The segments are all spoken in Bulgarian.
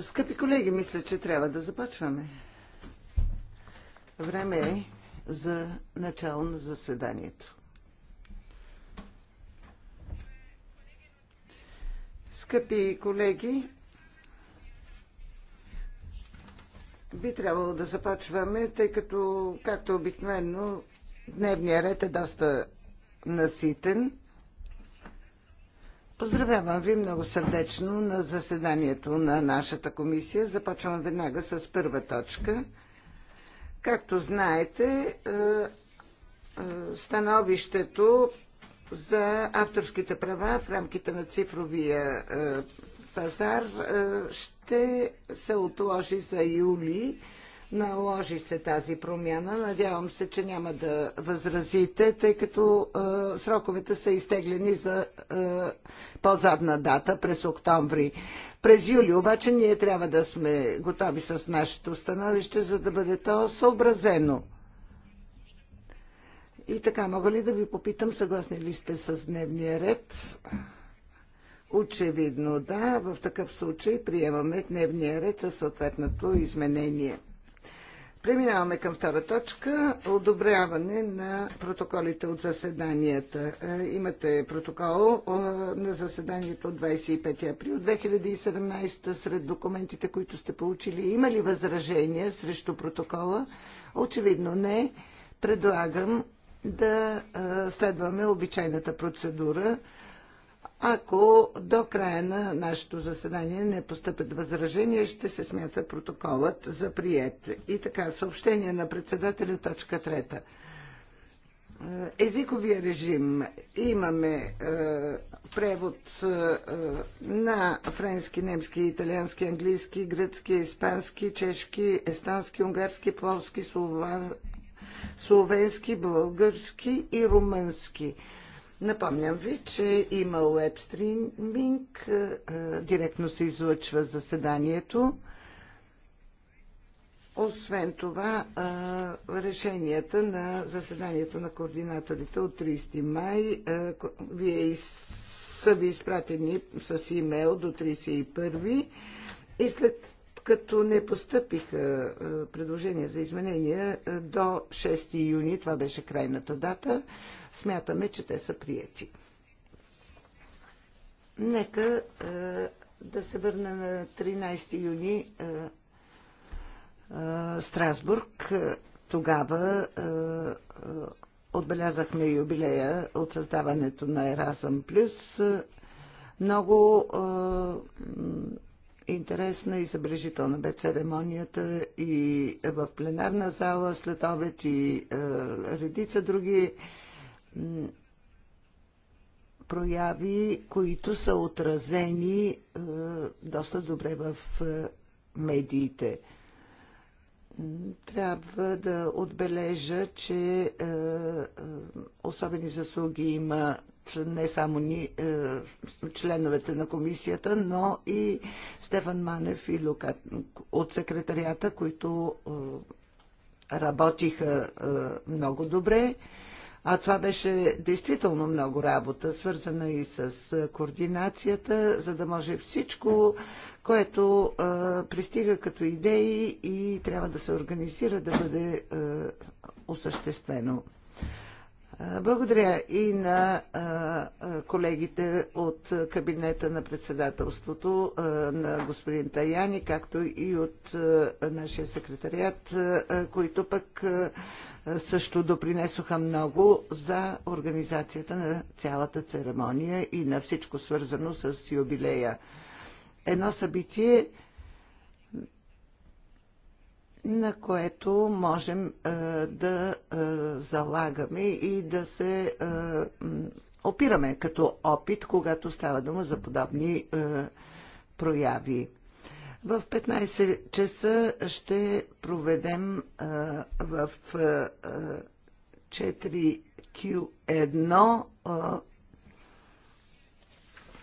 Скъпи колеги, мисля, че трябва да започваме. Време е за начало на заседанието. Скъпи колеги, би трябвало да започваме, тъй като, както обикновено, дневният ред е доста наситен. Поздравявам ви много сърдечно на заседанието на нашата комисия. Започвам веднага с първа точка. Както знаете, е, е, становището за авторските права в рамките на цифровия е, пазар ще се отложи за юли Наложи се тази промяна. Надявам се, че няма да възразите, тъй като а, сроковете са изтеглени за а, по-задна дата през октомври. През юли обаче ние трябва да сме готови с нашето становище, за да бъде то съобразено. И така, мога ли да ви попитам, съгласни ли сте с дневния ред? Очевидно да. В такъв случай приемаме дневния ред със съответното изменение. Преминаваме към втора точка – одобряване на протоколите от заседанията. Е, имате протокол е, на заседанието от 25 април 2017 сред документите, които сте получили. Има ли възражения срещу протокола? Очевидно не. Предлагам да е, следваме обичайната процедура – ако до края на нашето заседание не постъпят възражения, ще се смята протоколът за прият. И така, съобщение на председателя, точка трета. Е, езиковия режим. Имаме е, превод е, на френски, немски, италиански, английски, гръцки, испански, чешки, естански, унгарски, полски, словенски, български и румънски. Напомням ви, че има веб е, е, директно се излъчва заседанието. Освен това, е, решенията на заседанието на координаторите от 30 май вие са ви изпратени с имейл до 31 и след като не постъпиха е, предложения за изменения е, до 6 юни, това беше крайната дата, смятаме, че те са прияти. Нека е, да се върна на 13 юни Страсбург. Тогава отбелязахме юбилея от създаването на Erasmus+. Много Интересна и забележителна бе церемонията и в пленарна зала след обед и е, редица други прояви, които са отразени е, доста добре в е, медиите. Трябва да отбележа, че е, е особени заслуги има не само ни, е, членовете на комисията, но и Стефан Манев и Люка от секретарията, които е, работиха е, много добре. А това беше действително много работа, свързана и с координацията, за да може всичко, което а, пристига като идеи и трябва да се организира, да бъде а, осъществено. Благодаря и на колегите от кабинета на председателството на господин Таяни, както и от нашия секретариат, които пък също допринесоха много за организацията на цялата церемония и на всичко свързано с юбилея. Едно събитие, на което можем е, да е, залагаме и да се е, опираме като опит, когато става дума за подобни прояви. В 15 часа ще проведем в 4Q1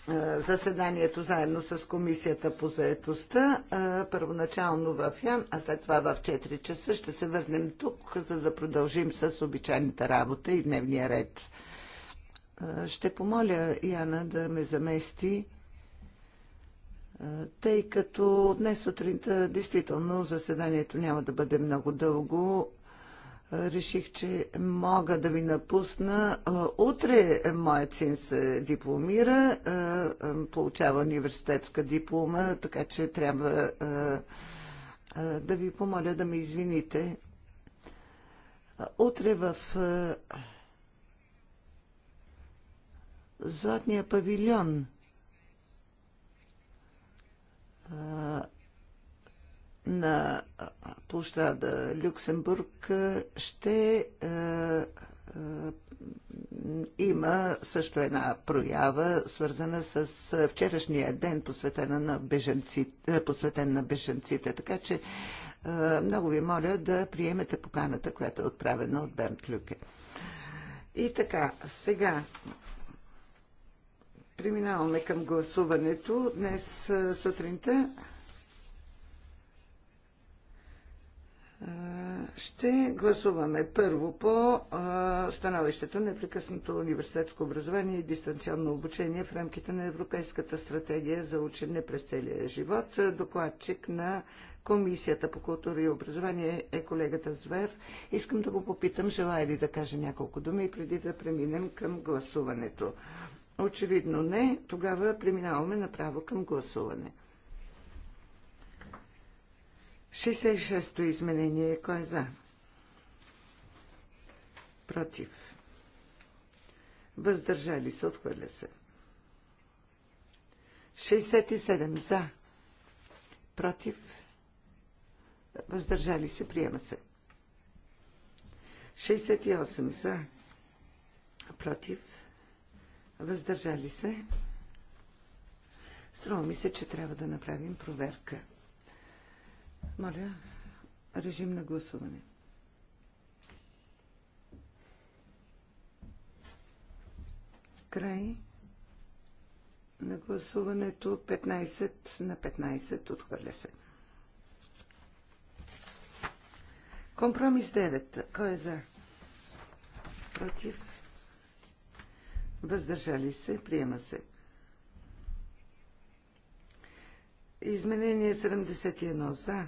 е, заседанието заедно с Комисията по заетостта. Е, първоначално в Ян, а след това в 4 часа ще се върнем тук, за да продължим с обичайната работа и дневния ред. Е, ще помоля Яна да ме замести, тъй като днес сутринта действително заседанието няма да бъде много дълго реших, че мога да ви напусна. Утре моят син се дипломира, получава университетска диплома, така че трябва да ви помоля да ме извините. Утре в Златния павилион на площада Люксембург ще има също една проява, свързана с вчерашния ден, посветена на беженците, посветен на беженците. Така че много ви моля да приемете поканата, която е отправена от Бернт Люке. И така, сега преминаваме към гласуването. Днес сутринта Ще гласуваме първо по становището на непрекъснато университетско образование и дистанционно обучение в рамките на Европейската стратегия за учене през целия живот. Докладчик на Комисията по култура и образование е колегата Звер. Искам да го попитам, желая ли да каже няколко думи преди да преминем към гласуването. Очевидно не, тогава преминаваме направо към гласуване. 66-то изменение. Кой е за? Против. Въздържали се. Отхвърля се. 67 за. Против. Въздържали се. Приема се. 68 за. Против. Въздържали се. Струва ми се, че трябва да направим проверка. Моля, режим на гласуване. Край на гласуването 15 на 15 отхвърля се. Компромис 9. Кой е за? Против? Въздържали се? Приема се. Изменение 71 за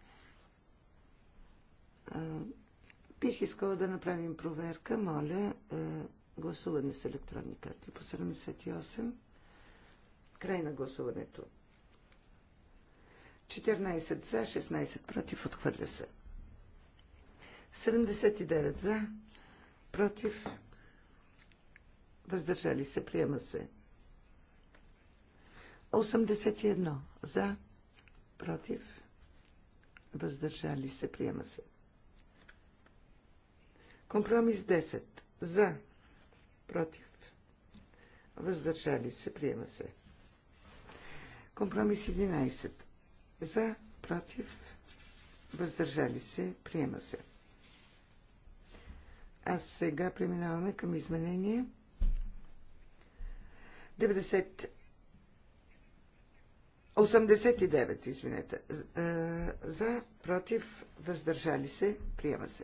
Бих искала да направим проверка. Моля, гласуване с електронни карти по 78. Край на гласуването. 14 за, 16 против, отхвърля се. 79 за, против, въздържали се, приема се. 81 за, против, въздържали се, приема се. Компромис 10. За. Против. Въздържали се. Приема се. Компромис 11. За. Против. Въздържали се. Приема се. А сега преминаваме към изменение. 90. 89, извинете. Е, за, против, въздържали се, приема се.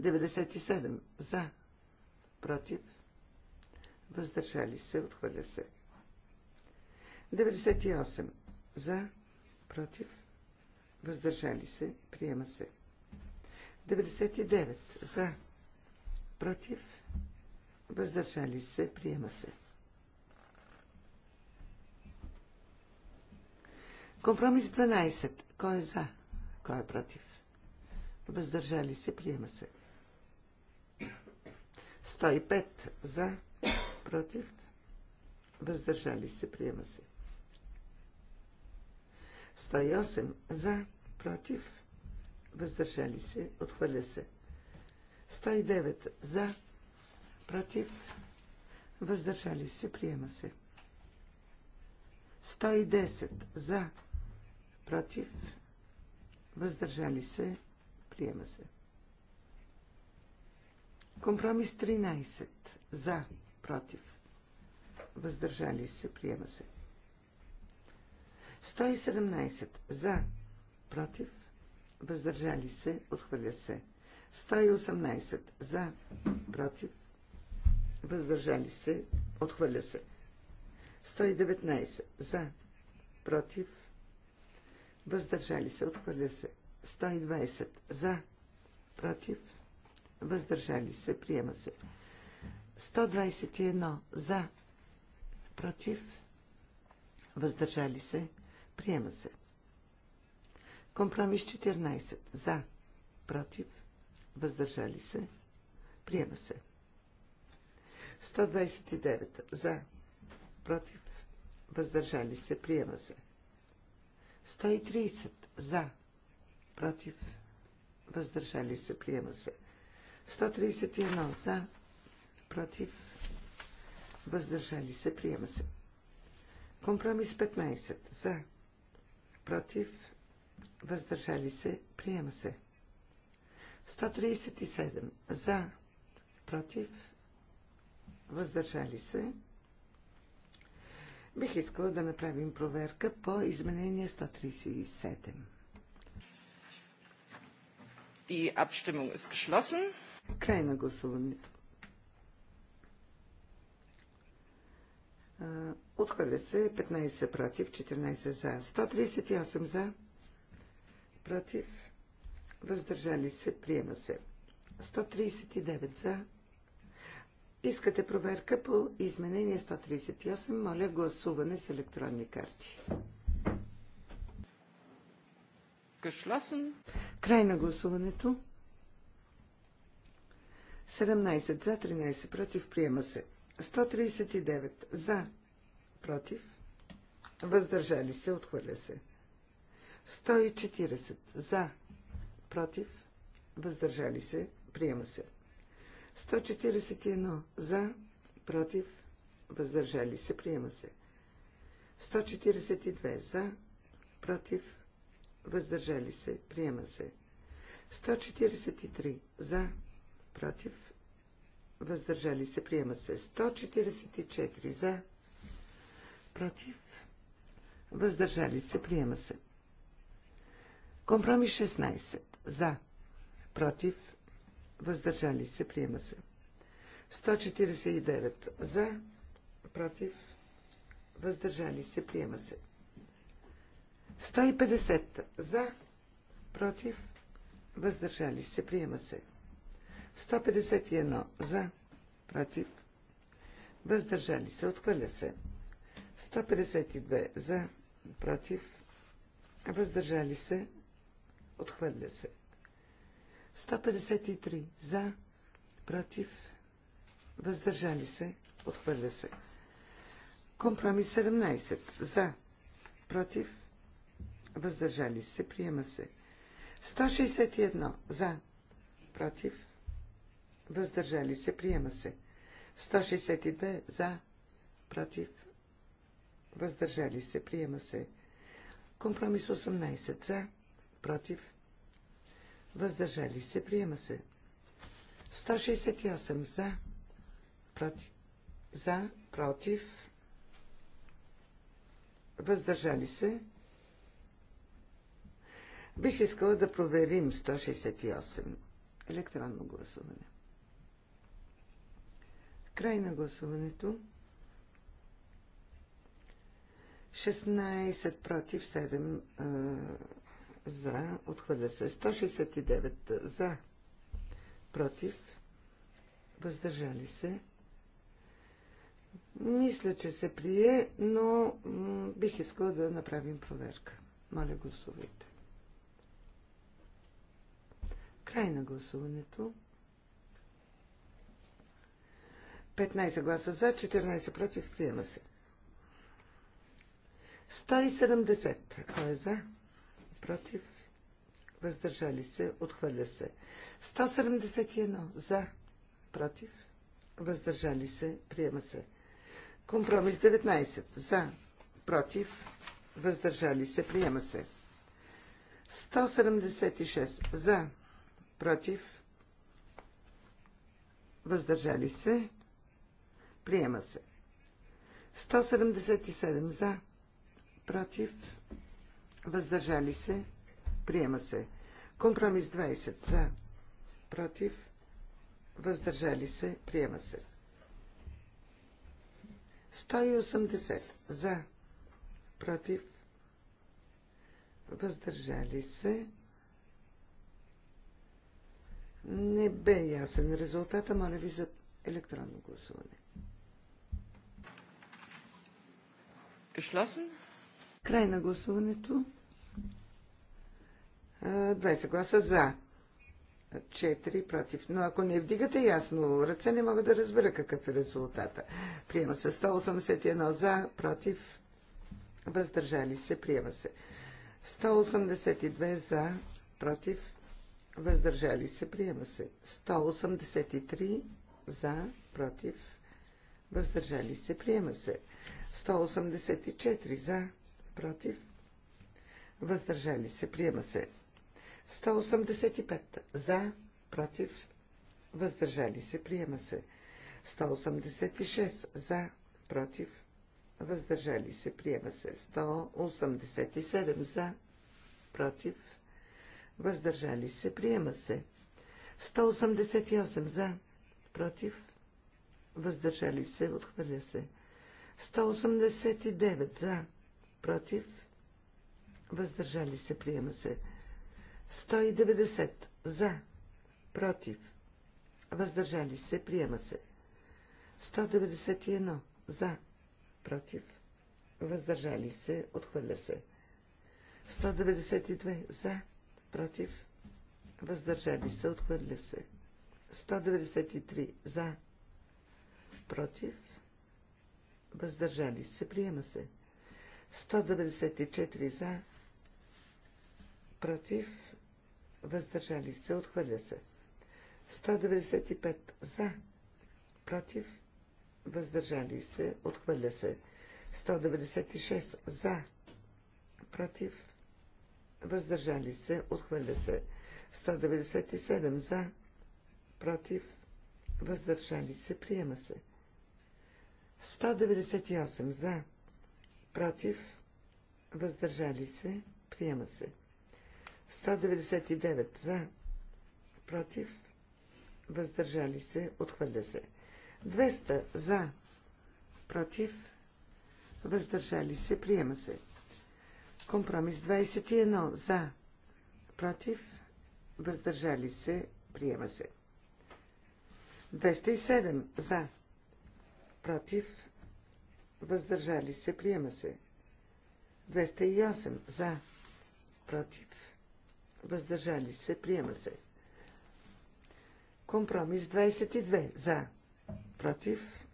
97 за, против, въздържали се, отхвърля се. 98 за, против, въздържали се, приема се. 99 за, против, въздържали се, приема се. Компромис 12. Кой е за? Кой е против? Въздържали се, приема се. 105 за, против, въздържали се, приема се. 108 за, против, въздържали се, отхвърля се. 109 за, против, въздържали се, приема се. 110 за, против, въздържали се, приема се. Компромис 13. За. Против. Въздържали се. Приема се. 117. За. Против. Въздържали се. Отхвърля се. 118. За. Против. Въздържали се. Отхвърля се. 119. За. Против. Въздържали се. Отхвърля се. 120. За. Против въздържали се, приема се. 121 за, против, въздържали се, приема се. Компромис 14 за, против, въздържали се, приема се. 129 за, против, въздържали се, приема се. 130 за, против, въздържали се, приема се. 131 131 за, против, въздържали се, приема се. Компромис 15 за, против, въздържали се, приема се. 137 за, против, въздържали се. Бих искала да направим проверка по изменение 137. Die Abstimmung ist geschlossen. Край на гласуването. Отхвърля се 15 против, 14 за. 138 за, против, въздържали се, приема се. 139 за. Искате проверка по изменение 138. Моля гласуване с електронни карти. Край на гласуването. 17 за, 13 против, приема се. 139 за, против, въздържали се, отхвърля се. 140 за, против, въздържали се, приема се. 141 за, против, въздържали се, приема се. 142 за, против, въздържали се, приема се. 143 за, против, въздържали се, приема се 144 за, против, въздържали се, приема се. Компромис 16 за, против, въздържали се, приема се. 149 за, против, въздържали се, приема се. 150 за, против, въздържали се, приема се. 151 за, против, въздържали се, отхвърля се. 152 за, против, въздържали се, отхвърля се. 153 за, против, въздържали се, отхвърля се. Компромис 17 за, против, въздържали се, приема се. 161 за, против, въздържали се, приема се. 162 за, против, въздържали се, приема се. Компромис 18 за, против, въздържали се, приема се. 168 за, против, за, против, въздържали се. Бих искала да проверим 168 електронно гласуване. Край на гласуването. 16 против 7 а, за. Отхвърля се. 169 за. Против. Въздържали се. Мисля, че се прие, но бих искала да направим проверка. Моля, гласувайте. Край на гласуването. 15 гласа за, 14 против. Приема се. 170. Кой е за? Против. Въздържали се. Отхвърля се. 171. За. Против. Въздържали се. Приема се. Компромис 19. За. Против. Въздържали се. Приема се. 176. За. Против. Въздържали се. Приема се. 177 за. Против. Въздържали се. Приема се. Компромис 20 за. Против. Въздържали се. Приема се. 180 за. Против. Въздържали се. Не бе ясен резултата. Моля ви за електронно гласуване. Geschlossen. Край на гласуването. 20 гласа за. 4 против. Но ако не вдигате ясно ръце, не мога да разбера какъв е резултата. Приема се 181 за, против, въздържали се, приема се. 182 за, против, въздържали се, приема се. 183 за, против, въздържали се, приема се. 184 за, против, въздържали се, приема се. 185 за, против, въздържали се, приема се. 186 за, против, въздържали се, приема се. 187 за, против, въздържали се, приема се. 188 за, против, въздържали се, отхвърля се. 189 за, против, въздържали се, приема се. 190 за, против, въздържали се, приема се. 191 за, против, въздържали се, отхвърля се. 192 за, против, въздържали се, отхвърля се. 193 за, против, въздържали се, приема се. 194 за, против, въздържали се, отхвърля се. 195 за, против, въздържали се, отхвърля се. 196 за, против, въздържали се, отхвърля се. 197 за, против, въздържали се, приема се. 198 за, против, въздържали се, приема се. 199 за, против, въздържали се, отхвърля се. 200 за, против, въздържали се, приема се. Компромис 21 за, против, въздържали се, приема се. 207 за, против, въздържали се, приема се. 208 за, против, въздържали се, приема се. Компромис 22 за, против,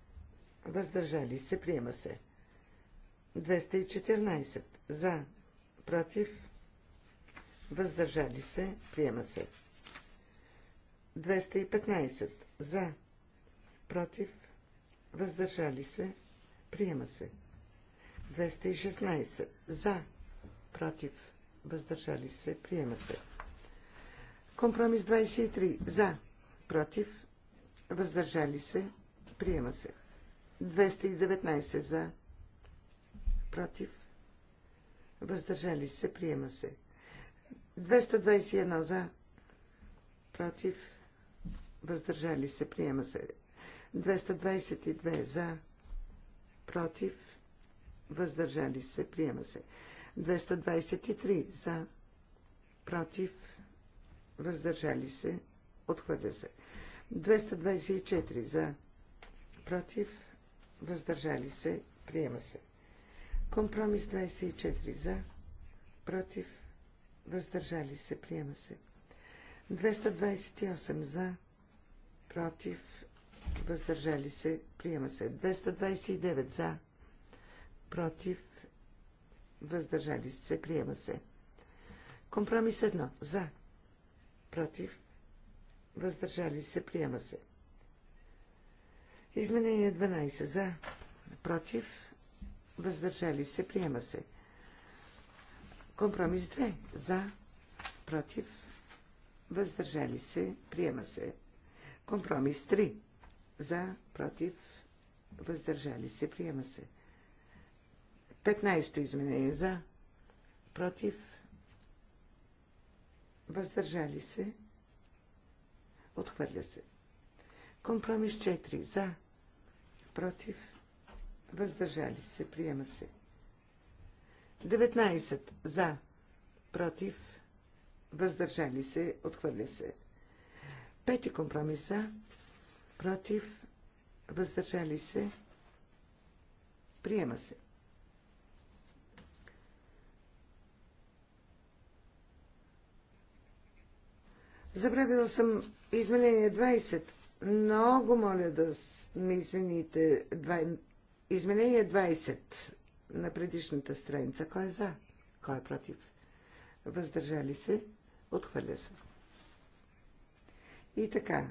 въздържали се, приема се. 214 за, против, въздържали се, приема се. 215 за, против, въздържали се, приема се. 216 за, против, въздържали се, приема се. Компромис 23 за, против, въздържали се, приема се. 219 за, против, въздържали се, приема се. 221 за, против, въздържали се, приема се. 222 за, против, въздържали се, приема се. 223 за, против, въздържали се, отхвърля се. 224 за, против, въздържали се, приема се. Компромис 24 за, против, въздържали се, приема се. 228 за, против, въздържали се, приема се. 229 за, против, въздържали се, приема се. Компромис 1 за, против, въздържали се, приема се. Изменение 12 за, против, въздържали се, приема се. Компромис 2 за, против, въздържали се, приема се. Компромис 3 за, против, въздържали се, приема се. 15-то изменение за, против, въздържали се, отхвърля се. Компромис 4 за, против, въздържали се, приема се. 19 за, против, въздържали се, отхвърля се. Пети компромис за, против, въздържали се, приема се. Забравила съм изменение 20. Много моля да ме извините. Изменение 20 на предишната страница. Кой е за? Кой е против? Въздържали се? Отхвърля се. И така,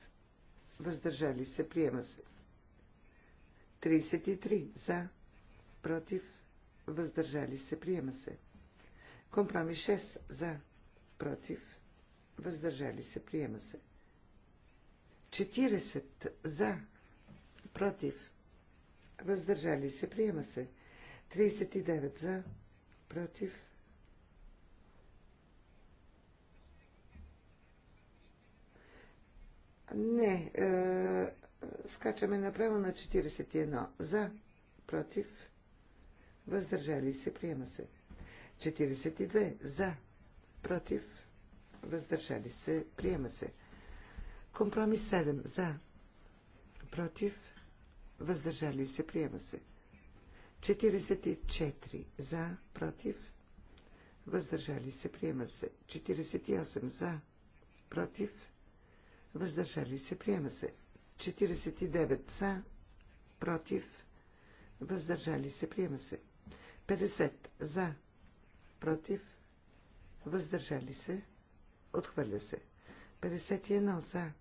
въздържали се, приема се. 33 за, против, въздържали се, приема се. Компромис 6 за, против, въздържали се, приема се. 40 за, против, въздържали се, приема се. 39 за, против, Не. Е, скачаме направо на 41. За. Против. Въздържали се. Приема се. 42. За. Против. Въздържали се. Приема се. Компромис 7. За. Против. Въздържали се. Приема се. 44. За. Против. Въздържали се. Приема се. 48. За. Против въздържали се, приема се. 49 за, против, въздържали се, приема се. 50 за, против, въздържали се, отхвърля се. 51 за,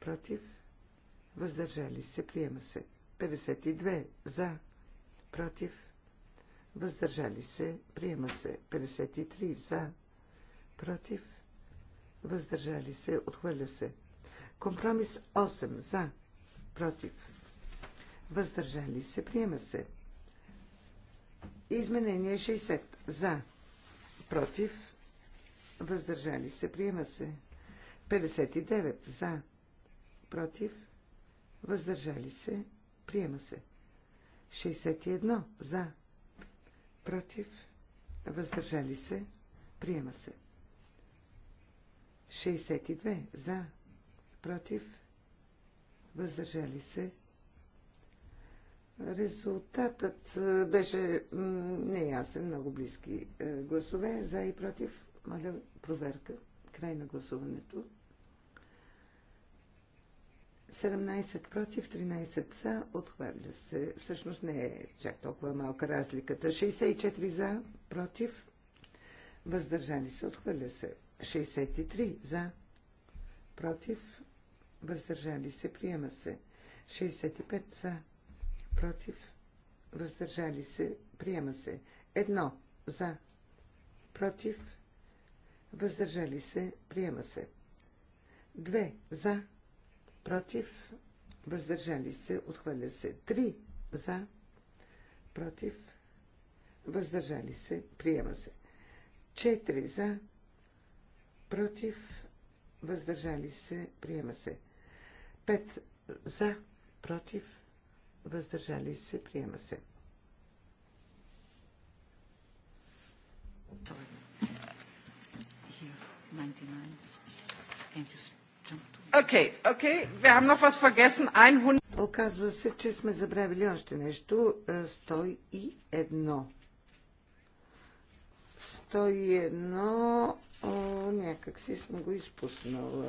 против, въздържали се, приема се. 52 за, против, въздържали се, приема се. 53 за, против, въздържали се, отхвърля се. Компромис 8 за, против, въздържали се, приема се. Изменение 60 за, против, въздържали се, приема се. 59 за, против, въздържали се, приема се. 61 за, против, въздържали се, приема се. 62 за, против, въздържали се. Резултатът беше неясен, много близки гласове, за и против. Моля, проверка. Край на гласуването. 17 против, 13 за, отхвърля се. Всъщност не е чак толкова малка разликата. 64 за, против, въздържали се, отхвърля се. 63 за, против, въздържали се, приема се. 65 за, против, въздържали се, приема се. Едно за, против, въздържали се, приема се. Две за, против, въздържали се, отхвърля се. Три за, против, въздържали се, приема се. 4 за, против, въздържали се, приема се. Пет за, против, въздържали се, приема се. Окей, окей, okay. wir haben noch was 100... Оказва се, че сме забравили още нещо. 101. Е, едно а, някак си съм го изпуснала.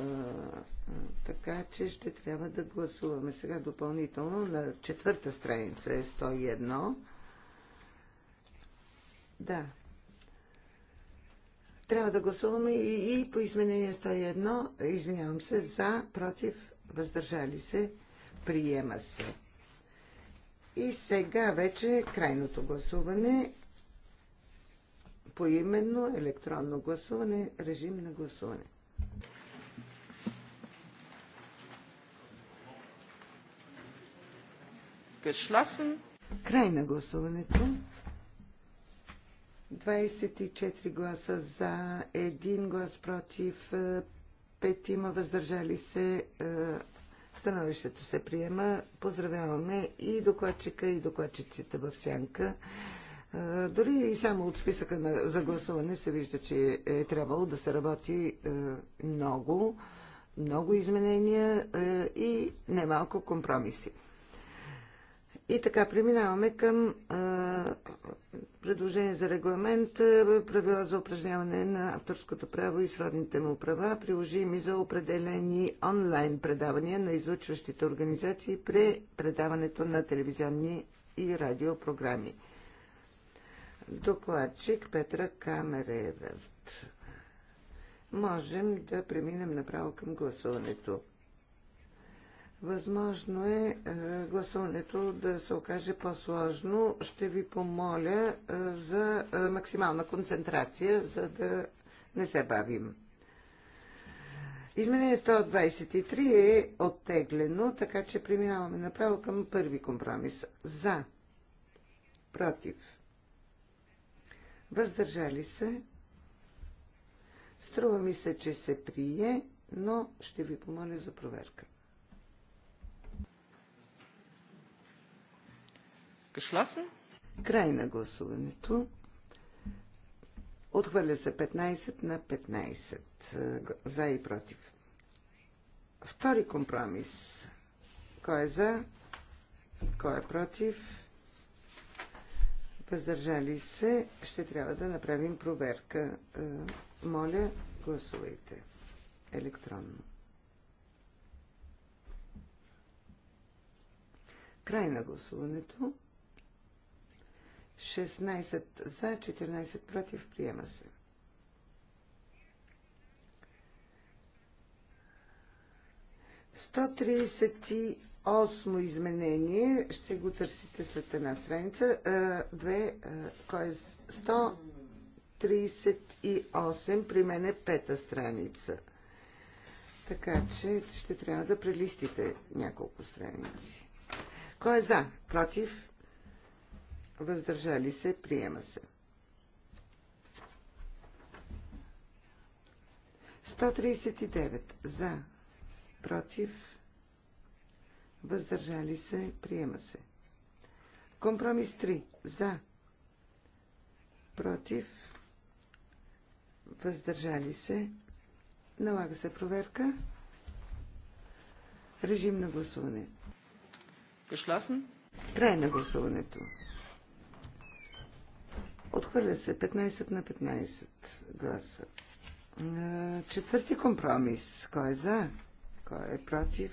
Така че ще трябва да гласуваме сега допълнително на четвърта страница е 101. Да. Трябва да гласуваме и, и по изменение 101, извинявам се, за, против, въздържали се, приема се. И сега вече крайното гласуване поименно електронно гласуване, режим на гласуване. Geschlossen. Край на гласуването. 24 гласа за, 1 глас против, 5 е, има въздържали се. Е, становището се приема. Поздравяваме и докладчика, и докладчиците в сянка. Дори и само от списъка на, загласуване се вижда, че е трябвало да се работи много, много изменения и немалко компромиси. И така, преминаваме към а, предложение за регламент, правила за упражняване на авторското право и сродните му права, приложими за определени онлайн предавания на излъчващите организации при предаването на телевизионни и радиопрограми. Докладчик Петра Камереверт. Можем да преминем направо към гласуването. Възможно е, е гласуването да се окаже по-сложно. Ще ви помоля е, за е, максимална концентрация, за да не се бавим. Изменение 123 е оттеглено, така че преминаваме направо към първи компромис. За. Против въздържали се. Струва ми се, че се прие, но ще ви помоля за проверка. Geschlossen? Край на гласуването. Отхвърля се 15 на 15. За и против. Втори компромис. Кой е за? Кой е против? въздържали се, ще трябва да направим проверка. Е, моля, гласувайте електронно. Край на гласуването. 16 за, 14 против, приема се. Сто тридесет и Осмо изменение, ще го търсите след една страница. Две, кой е 138, при мен е пета страница. Така че ще трябва да прелистите няколко страници. Кой е за? Против? Въздържали се? Приема се. 139 за, против въздържали се, приема се. Компромис 3. За, против, въздържали се, налага се проверка. Режим на гласуване. Geschlossen. Край на гласуването. Отхвърля се 15 на 15 гласа. Е, четвърти компромис. Кой е за? Кой е против?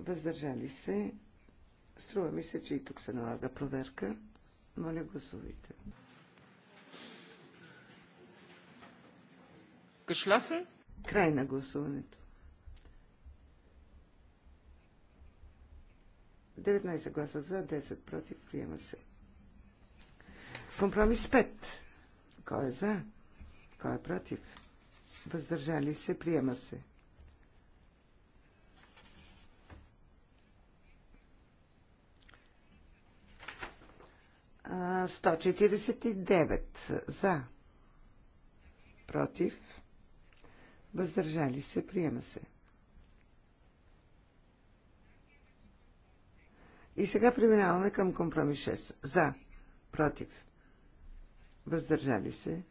въздържали се. Струва ми се, че и тук се налага проверка. Моля, гласувайте. Кашласен? Край на гласуването. 19 гласа за, 10 против. Приема се. Компромис 5. Кой е за? Кой е против? Въздържали се. Приема се. 149 за. Против. Въздържали се. Приема се. И сега преминаваме към компромис 6. За. Против. Въздържали се.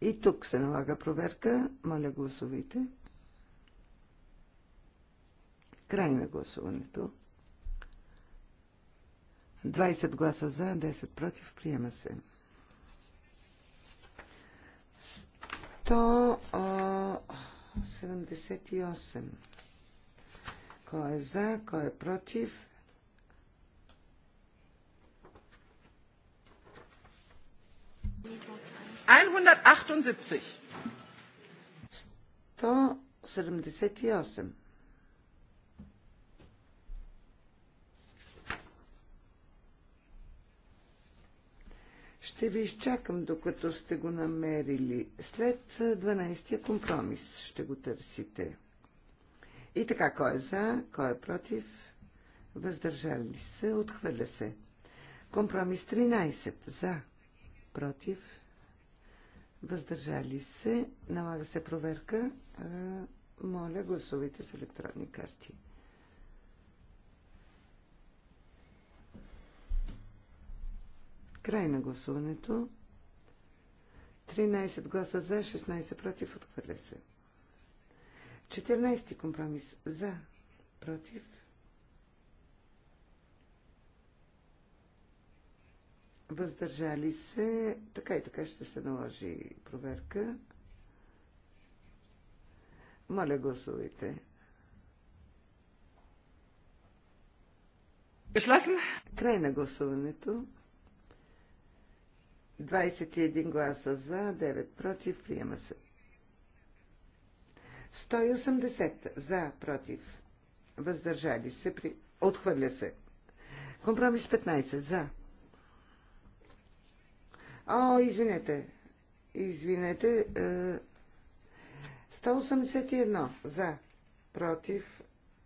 И тук се налага проверка. Моля, гласувайте. Край на гласуването. 20 гласа за, 10 против. Приема се. 178. Кой е за, кой е против? Einhundertachtundsiebzig. 178. Ще ви изчакам, докато сте го намерили. След 12 тия компромис ще го търсите. И така, кой е за, кой е против, въздържали се, отхвърля се. Компромис 13. За, против, въздържали се, налага се проверка. Моля, гласувайте с електронни карти. Край на гласуването. 13 гласа за, 16 против, отхвърля се. 14 компромис за, против. Въздържали се. Така и така ще се наложи проверка. Моля, гласувайте. Край на гласуването. 21 гласа за, 9 против, приема се. 180 за, против, въздържали се, при... отхвърля се. Компромис 15 за. О, извинете, извинете. 181 е, за, против,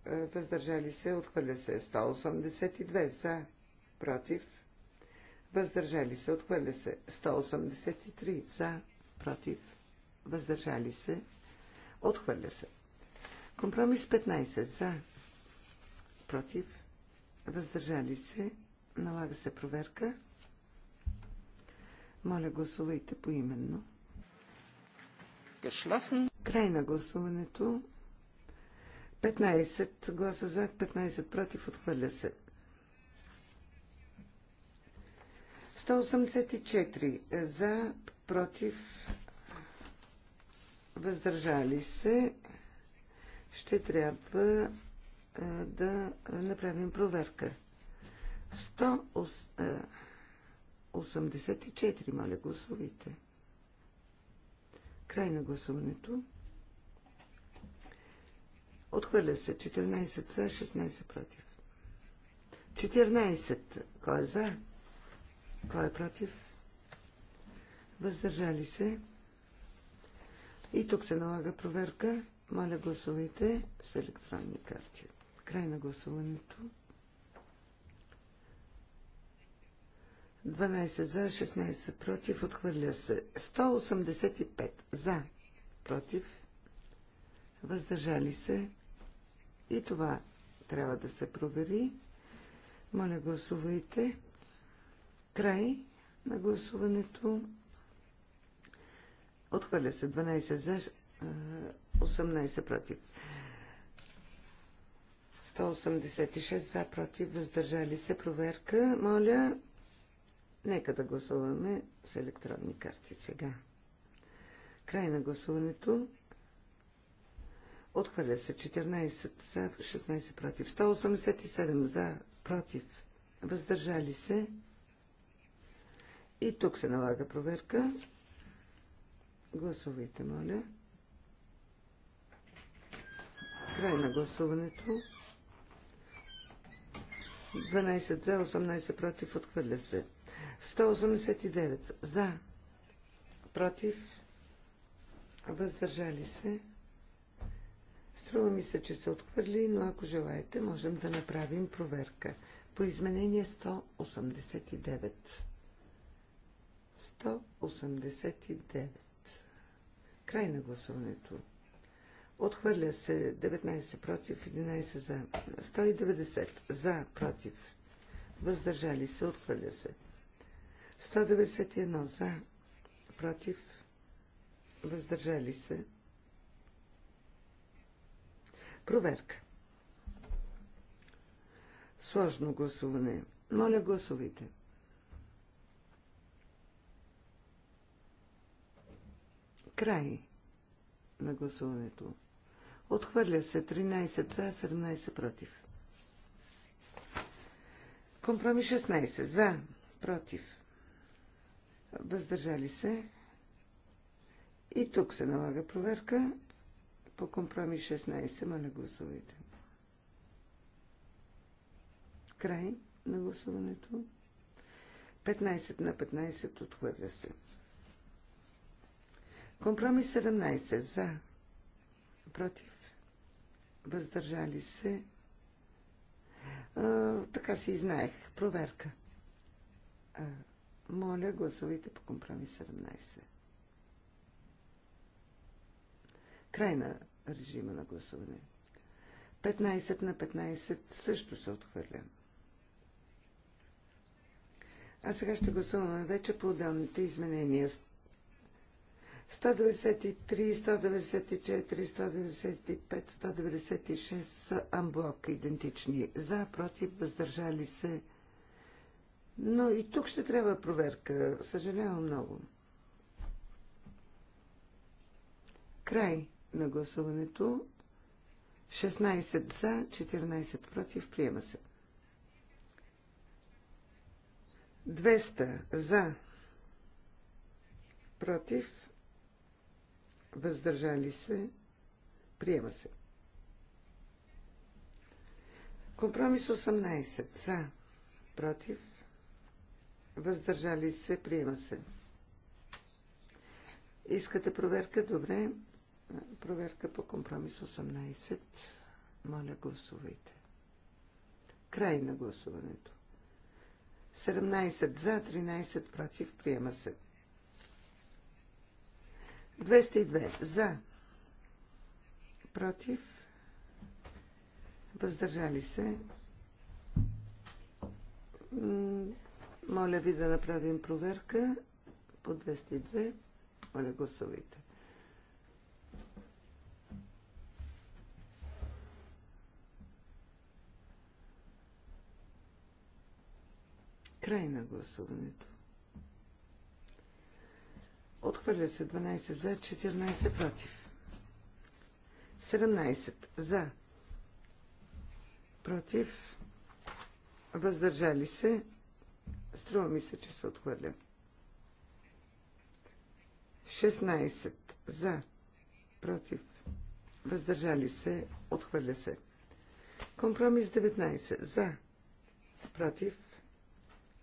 е, въздържали се, отхвърля се. 182 за, против, въздържали се, отхвърля се 183 за, против, въздържали се, отхвърля се. Компромис 15 за, против, въздържали се, налага се проверка. Моля, гласувайте поименно. Край на гласуването. 15 гласа за, 15 против, отхвърля се. 184 за, против, въздържали се. Ще трябва да направим проверка. 184, моля, гласувайте. Край на гласуването. Отхвърля се 14 за, 16 против. 14. Кой е за? Кой е против? Въздържали се. И тук се налага проверка. Моля, гласувайте с електронни карти. Край на гласуването. 12 за, 16 против, отхвърля се. 185 за, против, въздържали се. И това трябва да се провери. Моля, гласувайте. Край на гласуването. Отхвърля се 12 за, 18 против. 186 за, против, въздържали се. Проверка. Моля, нека да гласуваме с електронни карти сега. Край на гласуването. Отхвърля се 14 за, 16 против. 187 за, против, въздържали се. И тук се налага проверка. Гласувайте, моля. Край на гласуването. 12 за, 18 против, отхвърля се. 189 за, против, въздържали се. Струва ми се, че се отхвърли, но ако желаете, можем да направим проверка. По изменение 189. 189. Край на гласуването. Отхвърля се 19 против, 11 за. 190 за, против. Въздържали се, отхвърля се. 191 за, против. Въздържали се. Проверка. Сложно гласуване. Моля, гласувайте. 191. Край на гласуването. Отхвърля се 13 за, 17 против. Компромис 16 за, против. Въздържали се. И тук се налага проверка по компромис 16. Моля гласувайте. Край на гласуването. 15 на 15 отхвърля се. Компромис 17 за, против, въздържали се. А, така си и знаех. Проверка. А, моля, гласувайте по компромис 17. Край на режима на гласуване. 15 на 15 също се отхвърля. А сега ще гласуваме вече по отделните изменения. 193, 194, 195, 196 са амблок идентични. За, против, въздържали се. Но и тук ще трябва проверка. Съжалявам много. Край на гласуването. 16 за, 14 против. Приема се. 200 за, против, въздържали се, приема се. Компромис 18. За, против, въздържали се, приема се. Искате проверка? Добре. Проверка по компромис 18. Моля, гласувайте. Край на гласуването. 17 за, 13 против, приема се. 202 за, против, въздържали се. Моля ви да направим проверка по 202. Моля, гласувайте. Край на гласуването. Отхвърля се 12 за, 14 против. 17 за, против, въздържали се. Струва ми се, че се отхвърля. 16 за, против, въздържали се, отхвърля се. Компромис 19 за, против,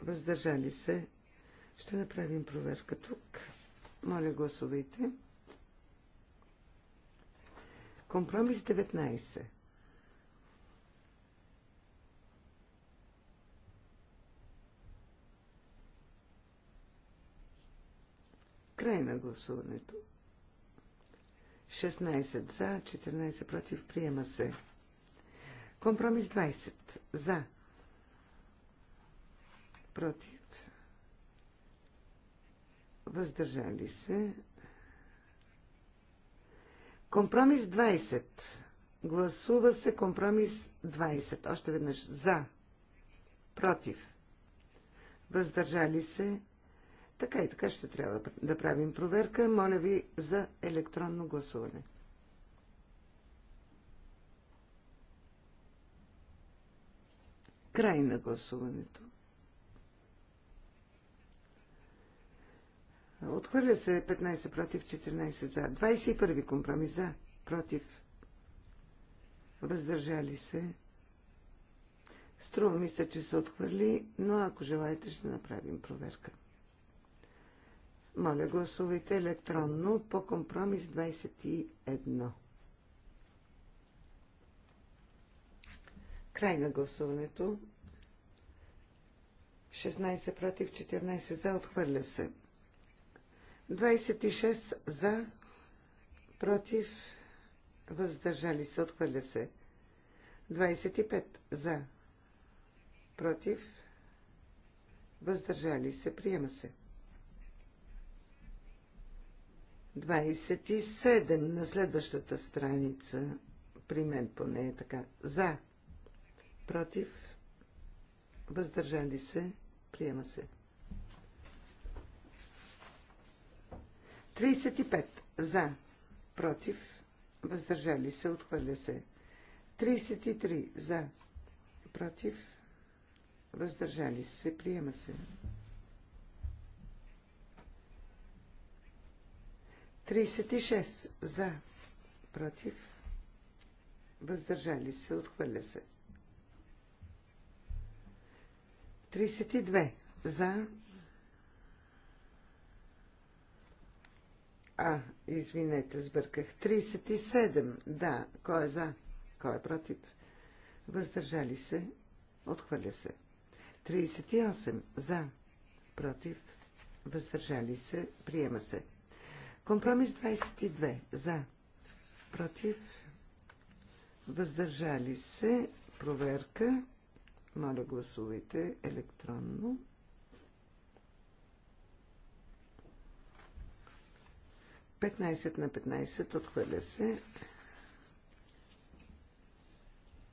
въздържали се. Ще направим проверка тук. Моля, гласувайте. Компромис 19. Край на гласуването. 16 за, 14 против, приема се. Компромис 20 за, против, въздържали се. Компромис 20. Гласува се компромис 20. Още веднъж за, против, въздържали се. Така и така ще трябва да правим проверка. Моля ви за електронно гласуване. Край на гласуването. Отхвърля се 15 против 14 за. 21 компромис за. Против. Въздържали се. Струва ми се, че се отхвърли, но ако желаете, ще направим проверка. Моля, гласувайте електронно по компромис 21. Край на гласуването. 16 против 14 за. Отхвърля се. 26 за, против, въздържали се, отхвърля се. 25 за, против, въздържали се, приема се. 27 на следващата страница, при мен поне е така, за, против, въздържали се, приема се. 35 за, против, въздържали се, отхвърля се. 33 за, против, въздържали се, приема се. 36 за, против, въздържали се, отхвърля се. 32 за, А, извинете, сбърках. 37. Да. Кой е за? Кой е против? Въздържали се. Отхвърля се. 38. За. Против. Въздържали се. Приема се. Компромис 22. За. Против. Въздържали се. Проверка. Моля, гласувайте електронно. 15 на 15 отхвърля се.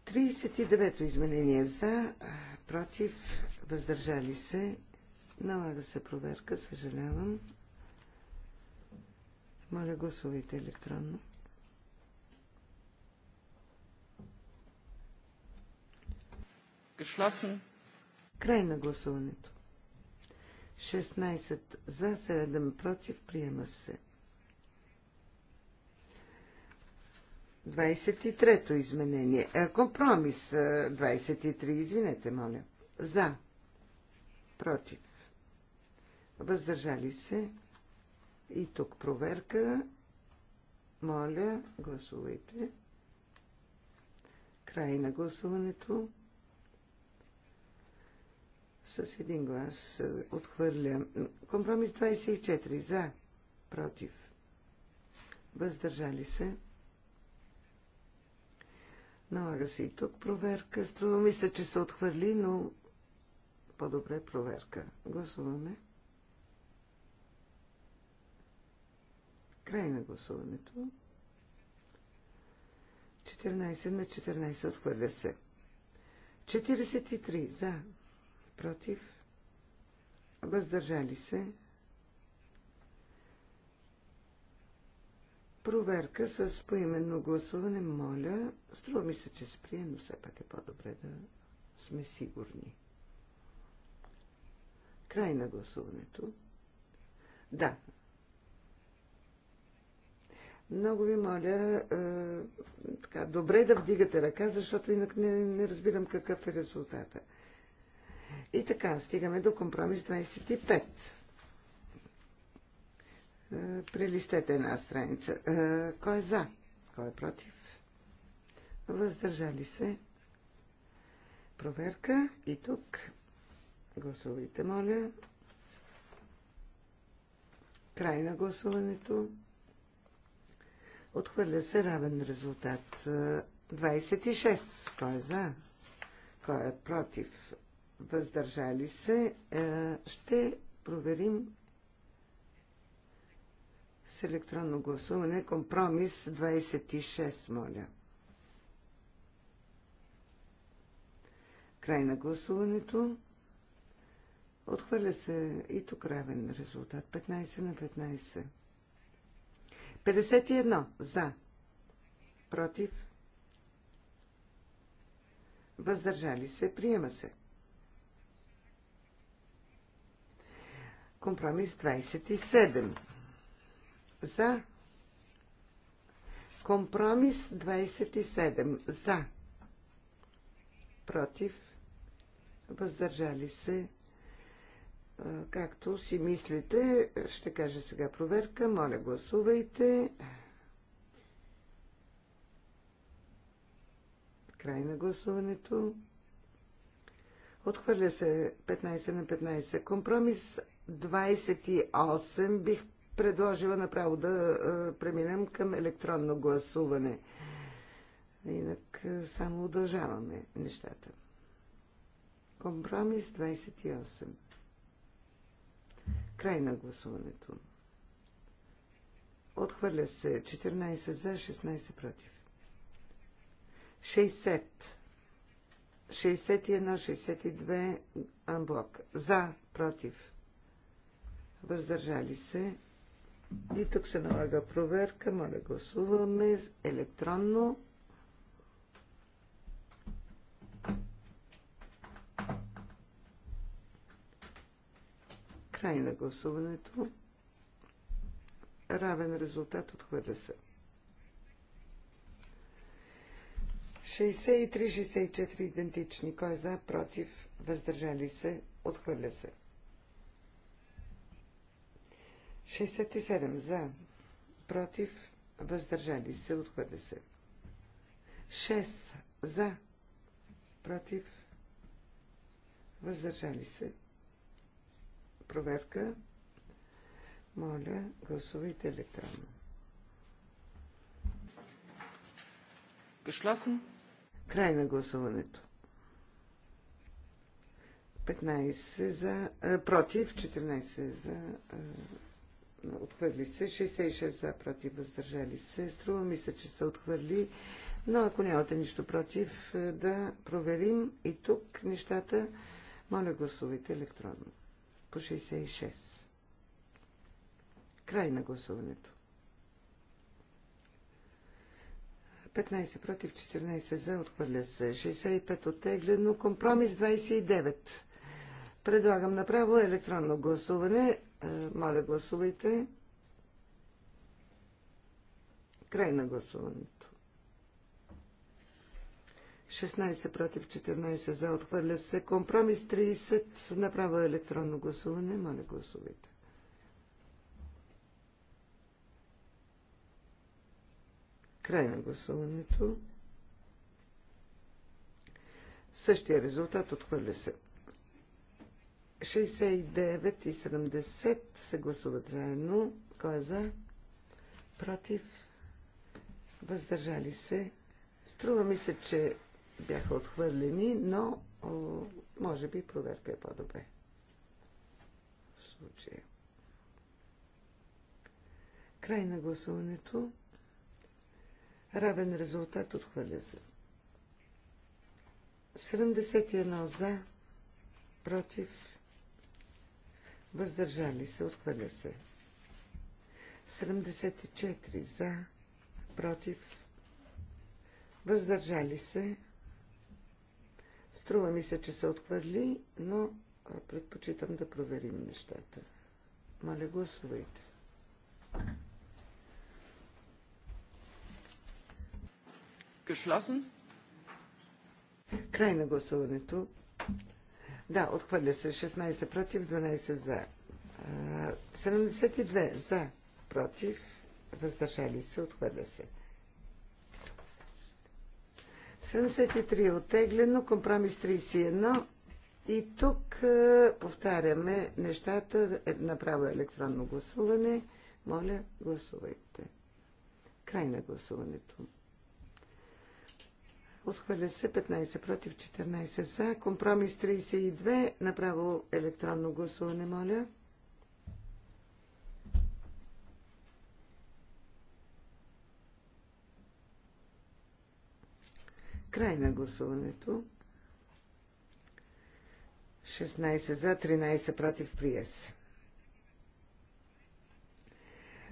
39-то изменение за, против, въздържали се. Налага се проверка, съжалявам. Моля, гласувайте електронно. Geschlossen. Край на гласуването. 16 за, 7 против, приема се. 23-то изменение. Е, компромис 23, е, извинете, моля. За. Против. Въздържали се. И тук проверка. Моля, гласувайте. Край на гласуването. С един глас е, отхвърлям. Компромис 24. За. Против. Въздържали се. Налага се и тук проверка. Струва ми се, че се отхвърли, но по-добре проверка. Гласуваме. Край на гласуването. 14 на 14 отхвърля се. 43 за, против, въздържали се, Проверка с поименно гласуване, моля. Струва ми се, че се прие, но все пак е по-добре да сме сигурни. Край на гласуването. Да. Много ви моля, е, така, добре да вдигате ръка, защото инак не, не разбирам какъв е резултата. И така, стигаме до компромис 25. Е, прелистете една страница. Е, кой е за? Кой е против? Въздържали се. Проверка и тук. Гласувайте, моля. Край на гласуването. Отхвърля се равен резултат. 26. Е, кой е за? Кой е против? Въздържали се? Ще проверим с електронно гласуване. Компромис 26, моля. Край на гласуването. Отхвърля се и тук равен резултат. 15 на 15. 51 за. Против. Въздържали се. Приема се. Компромис 27 за. Компромис 27 за. Против. Въздържали се. Както си мислите, ще кажа сега проверка. Моля, гласувайте. Край на гласуването. Отхвърля се 15 на 15. Компромис 28 бих предложила направо да преминем към електронно гласуване. Инак само удължаваме нещата. Компромис 28. Край на гласуването. Отхвърля се 14 за, 16 против. 60. 61-62 амблок. За, против. Въздържали се. И тук се налага проверка. Моля, гласуваме електронно. Край на гласуването. Равен резултат отхвърля се. 63-64 идентични. Кой е за, против, въздържали се, отхвърля се. 67 за, против, въздържали се, отхвърля се. 6 за, против, въздържали се. Проверка. Моля, гласувайте електронно. Geschlossen. Край на гласуването. 15 за, а, е, против, 14 за, а, е, отхвърли се. 66 за, против, въздържали се. Струва ми се, че се отхвърли. Но ако нямате нищо против, е, да проверим и тук нещата. Моля, гласувайте електронно. По 66. Край на гласуването. 15 против, 14 за, отхвърля се. 65 оттеглено. Компромис 29. Предлагам направо електронно гласуване. Е, моля, гласувайте. Край на гласуването. 16 против 14 за отхвърля се. Компромис 30. Направо електронно гласуване. Моля, гласувайте. Край на гласуването. Същия резултат отхвърля се. 69 и 70 се гласуват заедно. Кой е за? Против? Въздържали се? Струва ми се, че бяха отхвърлени, но о, може би проверка е по-добре. В случая. Край на гласуването. Равен резултат отхвърля се. 71 за, против въздържали се, отхвърля се. 74 за, против, въздържали се. Струва ми се, че се отхвърли, но предпочитам да проверим нещата. Моля, гласувайте. Geschlossen. Край на гласуването. Да, отхвърля се. 16 против, 12 за. 72 за, против, въздържали се, отхвърля се. 73 отеглено, оттеглено, компромис 31. И тук повтаряме нещата, е, направо е електронно гласуване. Моля, гласувайте. Край на гласуването. Отхвърля се 15 против 14 за. Компромис 32. Направо електронно гласуване, моля. Край на гласуването. 16 за, 13 против, приес.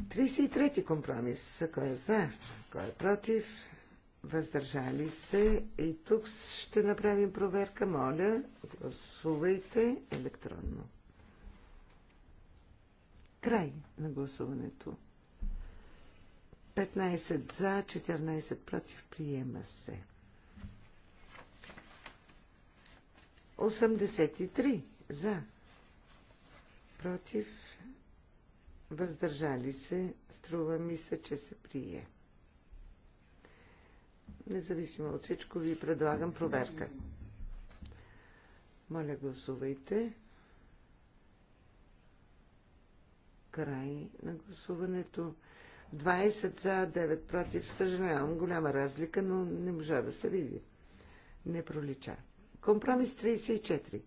33 компромис. Кой е за, кой е против, въздържали се. И тук ще направим проверка. Моля, гласувайте електронно. Край на гласуването. 15 за, 14 против, приема се. 83 за, против, въздържали се, струва ми се, че се прие. Независимо от всичко, ви предлагам проверка. Моля, гласувайте. Край на гласуването. 20 за, 9 против. Съжалявам, голяма разлика, но не можа да се види. Не пролича. Компромис 34.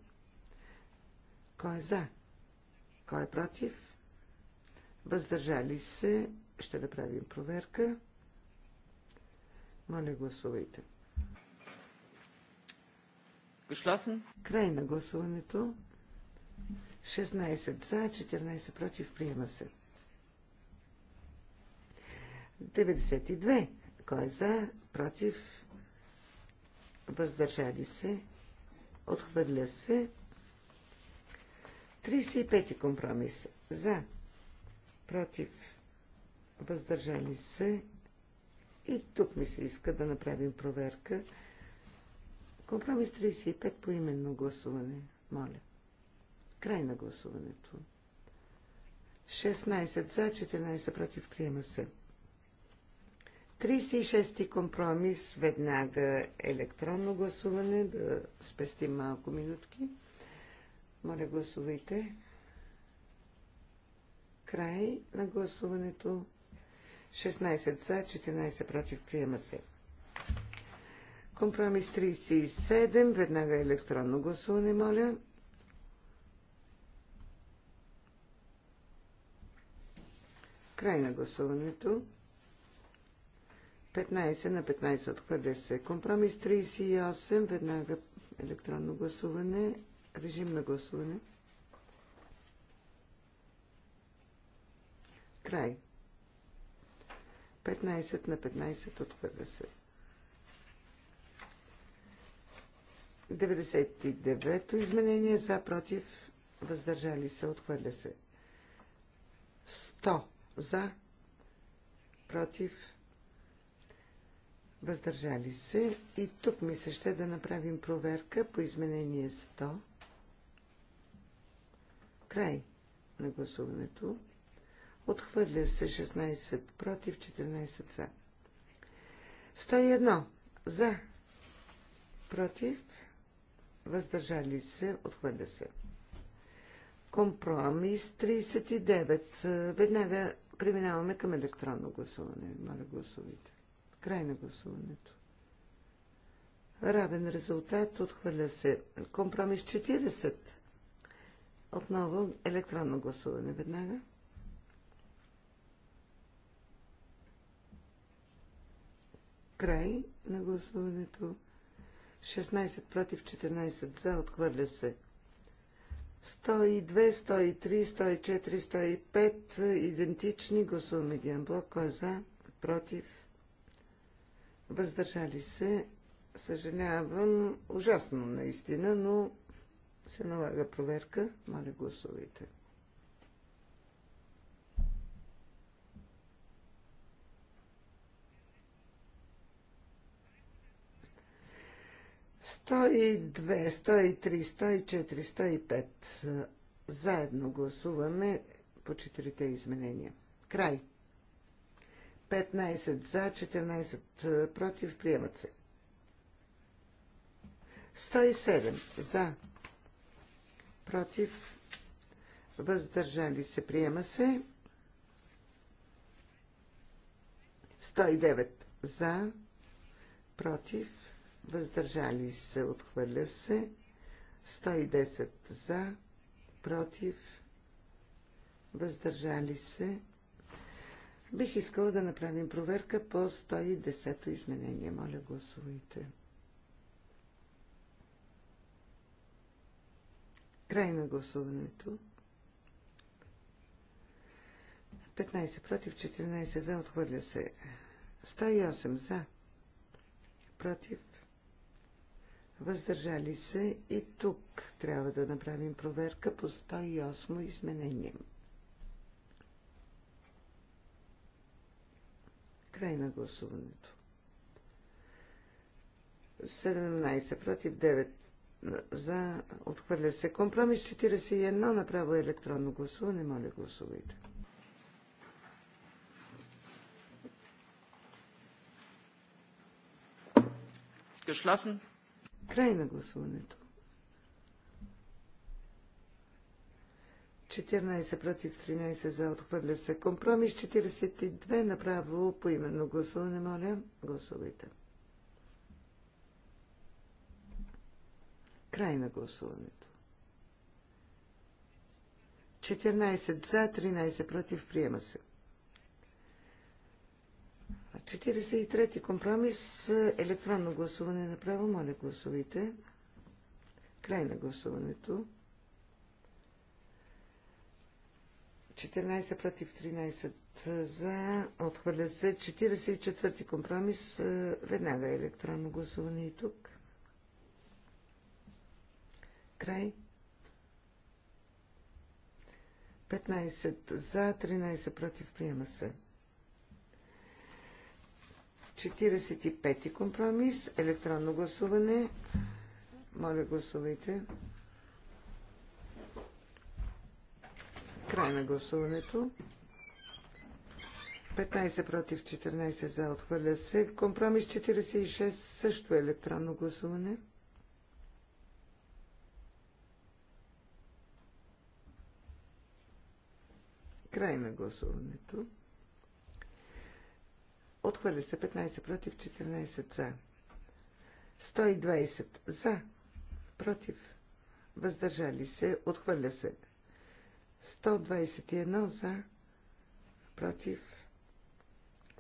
Кой е за? Кой е против? Въздържали се? Ще направим проверка. Моля, гласувайте. Geschlossen. Край на гласуването. 16 за, 14 против. Приема се. 92. Кой е за? Против? Въздържали се? Отхвърля се? 35 компромис. За? Против? Въздържали се? И тук ми се иска да направим проверка. Компромис 35 по именно гласуване. Моля. Край на гласуването. 16 за, 14 против, приема се. 36-ти компромис, веднага електронно гласуване, да спестим малко минутки. Моля, гласувайте. Край на гласуването. 16 за, 14 против. Приема се. Компромис 37. Веднага електронно гласуване, моля. Край на гласуването. 15 на 15 отхвърля се. Компромис 38. Веднага електронно гласуване. Режим на гласуване. Край. 15 на 15 отхвърля се. 99-то изменение за, против, въздържали се, отхвърля се. 100 за, против, въздържали се. И тук ми се ще да направим проверка по изменение 100. Край на гласуването. Отхвърля се 16 против 14 за. 101 за. Против. Въздържали се. Отхвърля се. Компромис 39. Веднага преминаваме към електронно гласуване. Моля гласувайте. Край на гласуването. Равен резултат. Отхвърля се. Компромис 40. Отново електронно гласуване. Веднага. Край на гласуването. 16 против 14 за. Отхвърля се. 102, 103, 104, 105 идентични. Гласуваме ги блок. Кой е за? Против? Въздържали се. Съжалявам. Ужасно наистина, но се налага проверка. Моля, гласувайте. 102, 103, 104, 105. Заедно гласуваме по четирите изменения. Край. 15 за, 14 е, против, приемат се. 107 за, против, въздържали се, приема се. 109 за, против, въздържали се, отхвърля се, 110 за, против, въздържали се. Бих искала да направим проверка по 110-то изменение. Моля, гласувайте. Край на гласуването. 15 против, 14 за, отхвърля се. 108 за, против, въздържали се и тук трябва да направим проверка по 108 изменение. Край на гласуването. 17 против 9 за отхвърля се. Компромис 41 направо електронно гласуване. Моля, гласувайте. Geschlossen. Край на гласуването. 14 против 13 за отхвърля се. Компромис 42 направо по именно гласуване, моля. Гласувайте. Край на гласуването. 14 за, 13 против, приема се. 43-ти компромис, е, електронно гласуване направо. Моля, гласувайте. Край на гласуването. 14 против 13 е, за. Отхвърля се 44-ти компромис. Е, веднага е електронно гласуване и тук. Край. 15 за, 13 против. Приема се. 45 компромис, електронно гласуване. Моля, гласувайте. Край на гласуването. 15 против 14 за отхвърля се. Компромис 46 също е електронно гласуване. Край на гласуването. Отхвърля се 15 против 14 за. 120 за. Против. Въздържали се. Отхвърля се. 121 за. Против.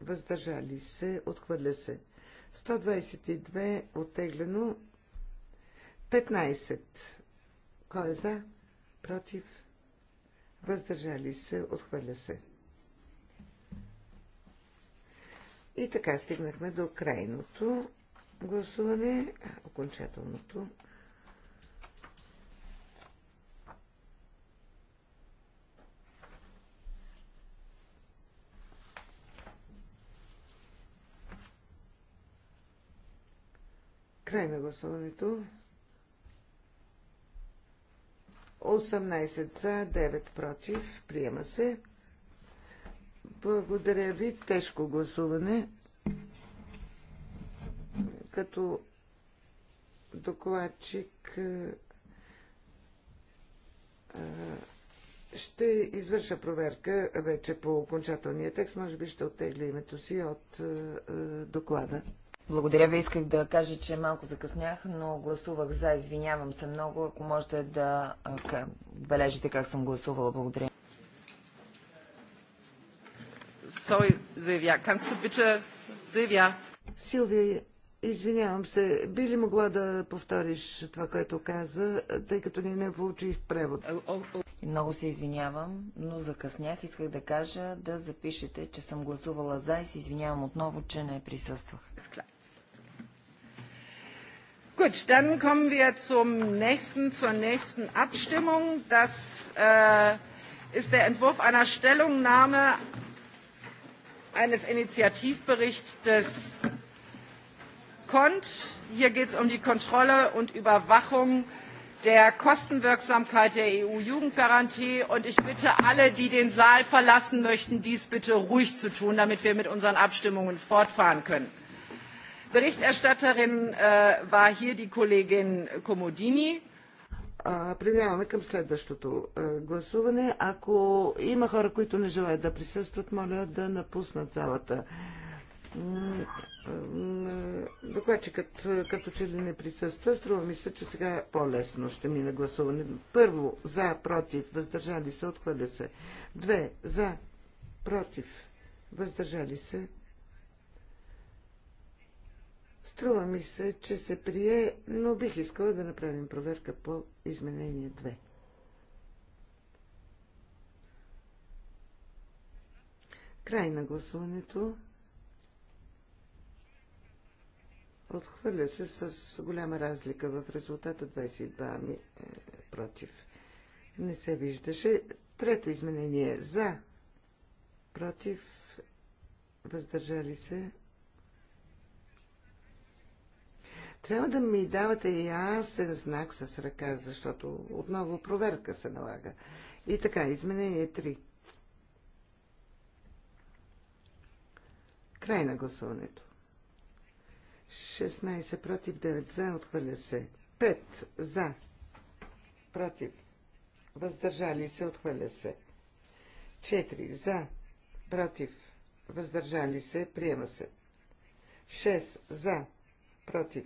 Въздържали се. Отхвърля се. 122 отеглено. 15. Кой е за? Против. Въздържали се. Отхвърля се. И така стигнахме до крайното гласуване, окончателното. Край на гласуването. 18 за, 9 против. Приема се. Благодаря ви. Тежко гласуване. Като докладчик е, е, ще извърша проверка вече по окончателния текст. Може би ще оттегля името си от е, доклада. Благодаря ви. Исках да кажа, че малко закъснях, но гласувах за. Извинявам се много. Ако можете да бележите как съм гласувала. Благодаря. Sorry, Silvia. Kannst du bitte, Silvia? Силвия, извинявам се. Би ли могла да повториш това, което каза, тъй като ни не получих превод? Много се извинявам, но закъснях. Исках да кажа да запишете, че съм гласувала за и се извинявам отново, че не присъствах. Gut, dann kommen wir zum nächsten, zur nächsten Abstimmung. Das äh, ist der Entwurf einer Stellungnahme eines Initiativberichts des KONT. Hier geht es um die Kontrolle und Überwachung der Kostenwirksamkeit der EU-Jugendgarantie. Und ich bitte alle, die den Saal verlassen möchten, dies bitte ruhig zu tun, damit wir mit unseren Abstimmungen fortfahren können. Berichterstatterin war hier die Kollegin Comodini преминаваме към следващото гласуване. Ако има хора, които не желаят да присъстват, моля да напуснат залата. Докладчикът като че ли не присъства, струва ми се, че сега е по-лесно ще мине гласуване. Първо, за, против, въздържали се, отхвърля се. Две, за, против, въздържали се, Струва ми се, че се прие, но бих искала да направим проверка по изменение 2. Край на гласуването. Отхвърля се с голяма разлика в резултата 22 ми, е, против. Не се виждаше. Трето изменение за, против, въздържали се, Трябва да ми давате и аз знак с ръка, защото отново проверка се налага. И така, изменение 3. Край на гласуването. 16 против 9 за, отхвърля се. 5 за, против, въздържали се, отхвърля се. 4 за, против, въздържали се, приема се. 6 за, против,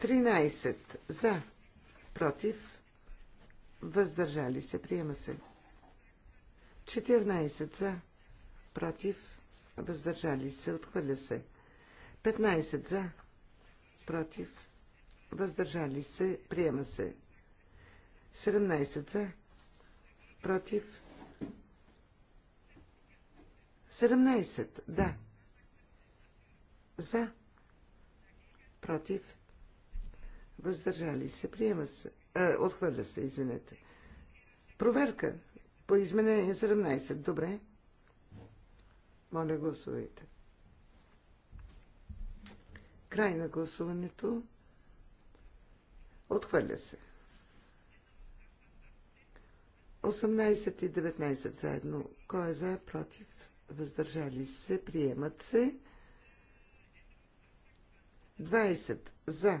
13 за, против, въздържали се, приема се. 14 за, против, въздържали се, отхвърля се. 15 за, против, въздържали се, приема се. 17 за, против, 17 да, за, против, въздържали се, приема се, а, е, отхвърля се, извинете. Проверка по изменение 17, добре. Моля, гласувайте. Край на гласуването. Отхвърля се. 18 и 19 заедно. Кой е за, против, въздържали се, приемат се. 20 за,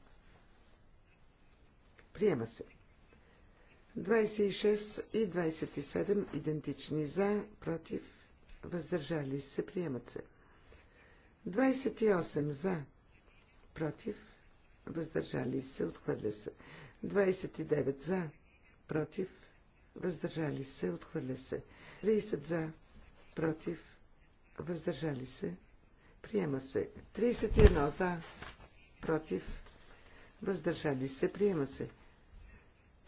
Приема се. 26 и 27 идентични за, против, въздържали се, приемат се. 28 за, против, въздържали се, отхвърля се. 29 за, против, въздържали се, отхвърля се. 30 за, против, въздържали се, приема се. 31 за, против, въздържали се, приема се.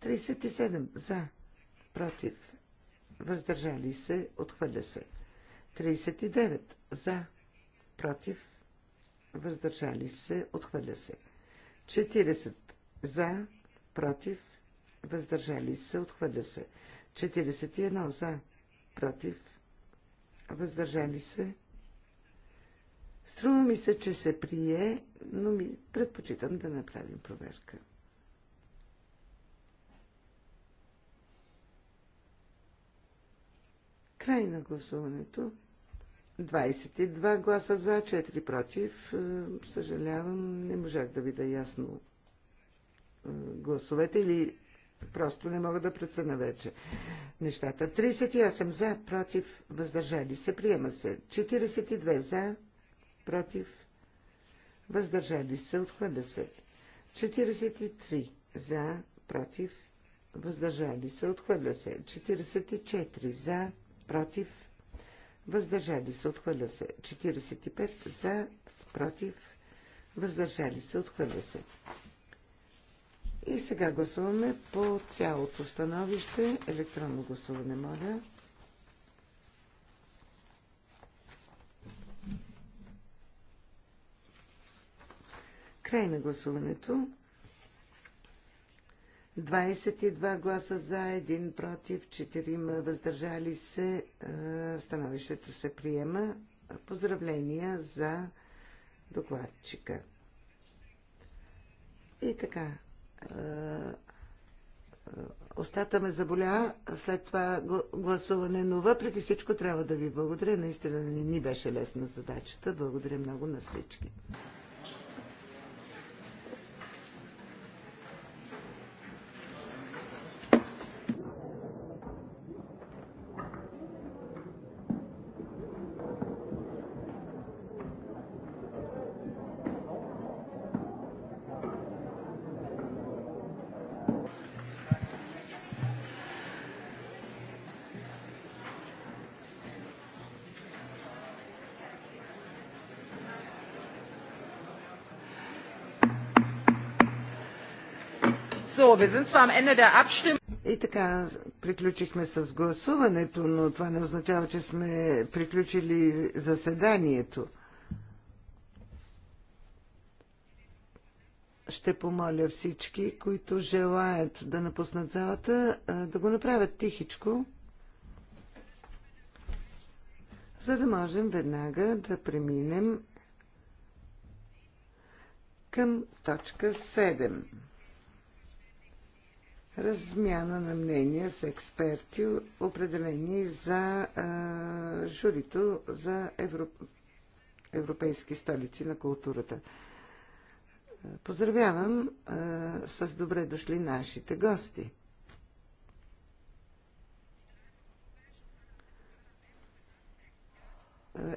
37 за, против, въздържали се, отхвърля се. 39 за, против, въздържали се, отхвърля се. 40 за, против, въздържали се, отхвърля се. 41 за, против, въздържали се. Струва ми се, че се прие, но ми предпочитам да направим проверка. Край на гласуването. 22 гласа за, 4 против. Е, съжалявам, не можах да видя ясно е, гласовете или просто не мога да прецена вече нещата. 38 за, против, въздържали се, приема се. 42 за, против, въздържали се, отхвърля се. 43 за, против, въздържали се, отхвърля се. 44 за, против, въздържали се, отхвърля се. 45 за, против, въздържали се, отхвърля се. И сега гласуваме по цялото становище. Електронно гласуване, моля. Край на гласуването. 22 гласа за, 1 против, 4 въздържали се. Е, становището се приема. Поздравления за докладчика. И така. Остата е, е, ме заболя, след това гласуване, но въпреки всичко трябва да ви благодаря. Наистина не ни беше лесна задачата. Благодаря много на всички. И така, приключихме с гласуването, но това не означава, че сме приключили заседанието. Ще помоля всички, които желаят да напуснат залата, да го направят тихичко, за да можем веднага да преминем към точка 7 размяна на мнения с експерти, определени за а, журито за Евро... европейски столици на културата. Поздравявам а, с добре дошли нашите гости.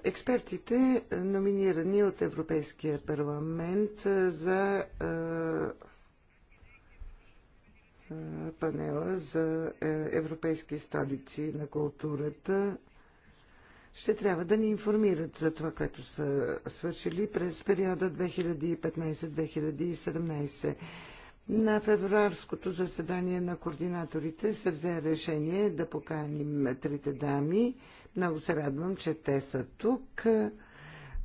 Експертите, номинирани от Европейския парламент за а, панела за е, европейски столици на културата ще трябва да ни информират за това, което са свършили през периода 2015-2017. На февруарското заседание на координаторите се взе решение да поканим трите дами. Много се радвам, че те са тук.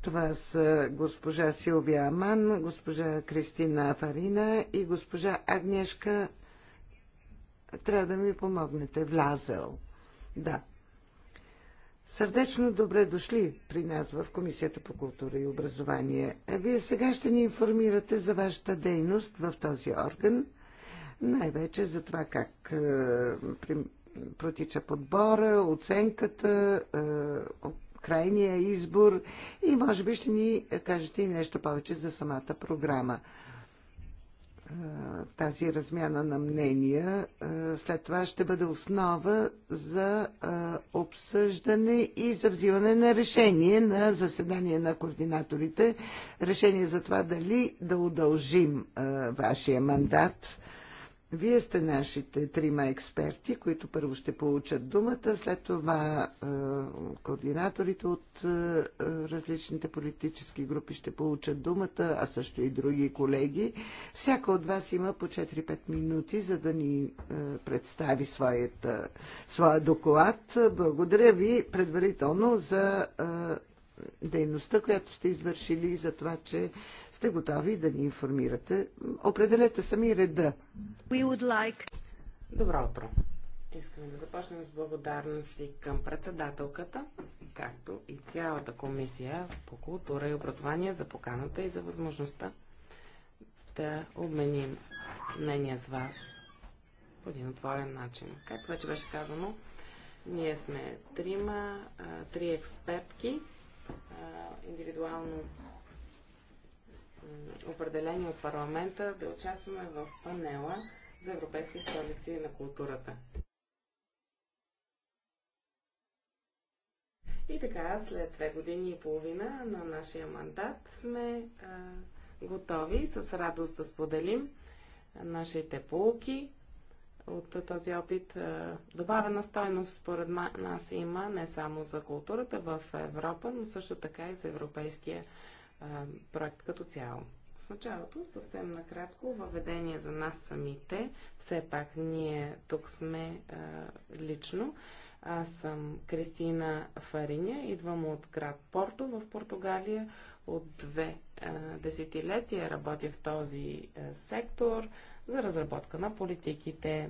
Това са госпожа Силвия Аман, госпожа Кристина Фарина и госпожа Агнешка трябва да ми помогнете. Влязъл. Да. Сърдечно добре дошли при нас в Комисията по култура и образование. Вие сега ще ни информирате за вашата дейност в този орган, най-вече за това как е, при, протича подбора, оценката, е, крайния избор и може би ще ни кажете и нещо повече за самата програма тази размяна на мнения след това ще бъде основа за обсъждане и за взимане на решение на заседание на координаторите. Решение за това дали да удължим вашия мандат вие сте нашите трима експерти, които първо ще получат думата, след това е, координаторите от е, различните политически групи ще получат думата, а също и други колеги. Всяка от вас има по 4-5 минути, за да ни е, представи своят, своя доклад. Благодаря ви предварително за е, дейността, която сте извършили и за това, че сте готови да ни информирате. Определете сами реда. We would like... Добро утро. Искаме да започнем с благодарности към председателката, както и цялата комисия по култура и образование за поканата и за възможността да обменим мнения с вас по един отворен начин. Както вече беше казано, ние сме трима, три експертки – индивидуално Определение от парламента да участваме в панела за европейски столици на културата. И така, след две години и половина на нашия мандат сме а, готови с радост да споделим нашите полуки от този опит. Е, добавена стойност според нас има не само за културата в Европа, но също така и за европейския е, проект като цяло. В началото, съвсем накратко, въведение за нас самите. Все пак ние тук сме а, е, лично. Аз съм Кристина Фариня, идвам от град Порто в Португалия. От две десетилетия работя в този сектор за разработка на политиките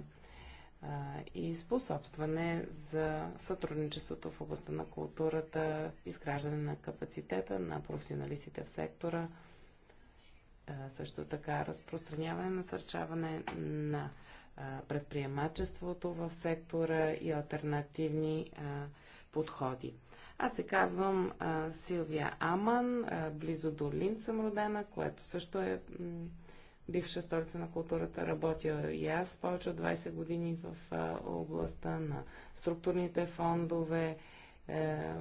и способстване за сътрудничеството в областта на културата, изграждане на капацитета на професионалистите в сектора, също така разпространяване, насърчаване на предприемачеството в сектора и альтернативни подходи. Аз се казвам а, Силвия Аман, а, близо до Линд съм родена, което също е бивша столица на културата. Работя и аз повече от 20 години в а, областта на структурните фондове, е,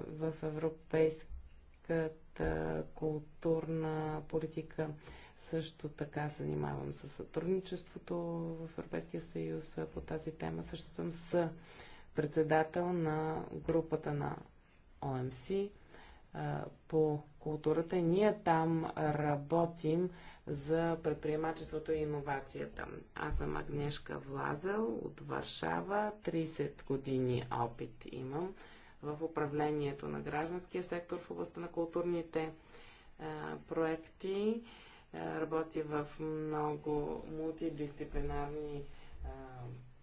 в европейската културна политика. Също така се занимавам с сътрудничеството в Европейския съюз по тази тема. Също съм с председател на групата на ОМС по културата. Ние там работим за предприемачеството и иновацията. Аз съм Агнешка Влазел от Варшава. 30 години опит имам в управлението на гражданския сектор в областта на културните проекти. работи в много мултидисциплинарни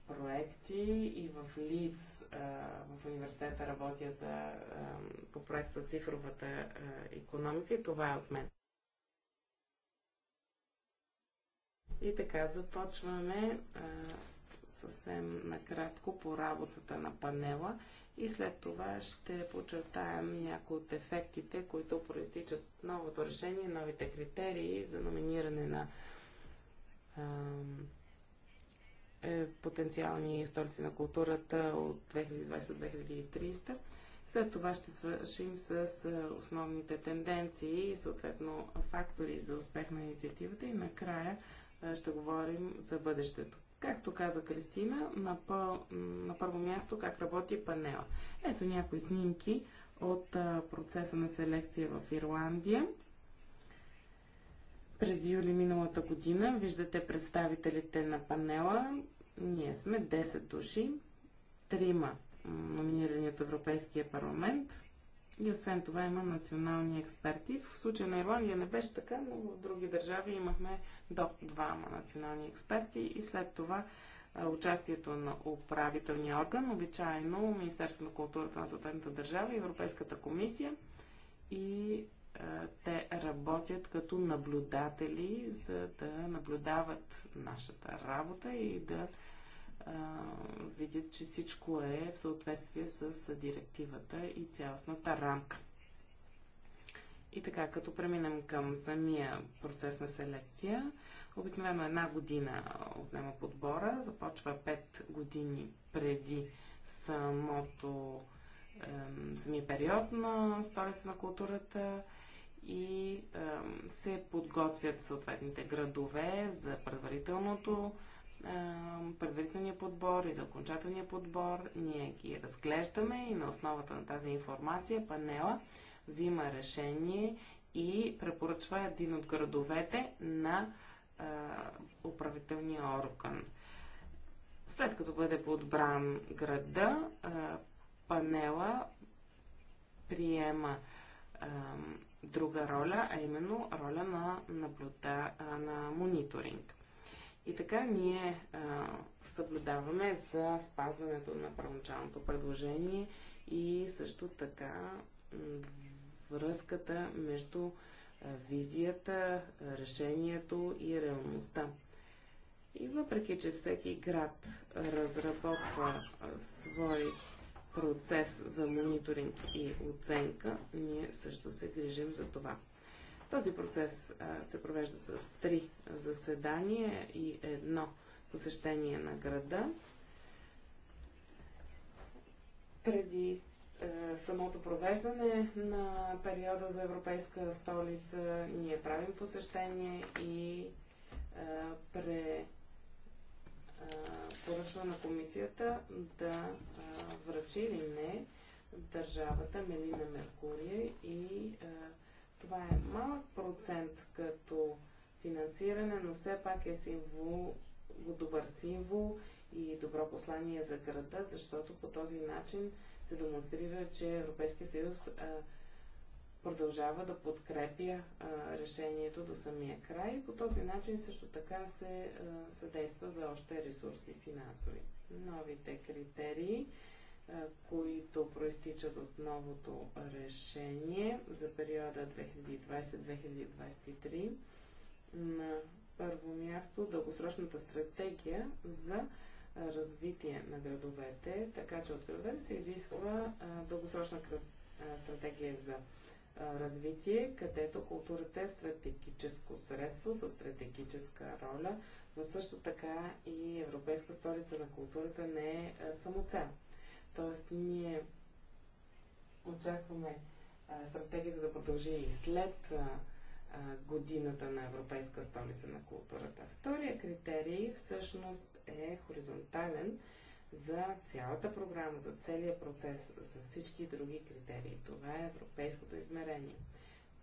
проекти и в Лиц в университета работя за, по проект за цифровата економика и това е от мен. И така, започваме а, съвсем накратко по работата на панела и след това ще подчертаем някои от ефектите, които проистичат новото решение, новите критерии за номиниране на а, е, потенциални столици на културата от 2020-2030. След това ще свършим с основните тенденции и съответно фактори за успех на инициативата и накрая ще говорим за бъдещето. Както каза Кристина, на, пъл, на първо място как работи панела. Ето някои снимки от процеса на селекция в Ирландия. През юли миналата година виждате представителите на панела. Ние сме 10 души, трима номинирани от Европейския парламент и освен това има национални експерти. В случая на Ирландия не беше така, но в други държави имахме до двама национални експерти и след това участието на управителния орган, обичайно Министерството на културата на съответната държава и Европейската комисия и те работят като наблюдатели, за да наблюдават нашата работа и да а, видят, че всичко е в съответствие с директивата и цялостната рамка. И така, като преминем към самия процес на селекция, обикновено една година отнема подбора, започва 5 години преди самото самия период на столица на културата и се подготвят съответните градове за предварителното предварителния подбор и за окончателния подбор. Ние ги разглеждаме и на основата на тази информация панела взима решение и препоръчва един от градовете на е, управителния орган. След като бъде подбран града, е, панела приема а, друга роля, а именно роля на, наблюда, а, на мониторинг. И така ние а, съблюдаваме за спазването на първоначалното предложение и също така връзката между визията, решението и реалността. И въпреки, че всеки град разработва свой процес за мониторинг и оценка, ние също се грижим за това. Този процес а, се провежда с три заседания и едно посещение на града. Преди е, самото провеждане на периода за Европейска столица ние правим посещение и е, пре поръчва на комисията да връчи или не държавата Мелина Меркурия и това е малък процент като финансиране, но все пак е символ, добър символ и добро послание за града, защото по този начин се демонстрира, че Европейския съюз а, продължава да подкрепя решението до самия край. По този начин също така се съдейства за още ресурси финансови. Новите критерии, които проистичат от новото решение за периода 2020-2023, на първо място дългосрочната стратегия за развитие на градовете, така че от града се изисква дългосрочна стратегия за развитие, където културата е стратегическо средство с стратегическа роля, но също така и Европейска столица на културата не е самоцел. Тоест ние очакваме стратегията да продължи и след годината на Европейска столица на културата. Втория критерий всъщност е хоризонтален за цялата програма, за целия процес, за всички други критерии. Това е европейското измерение.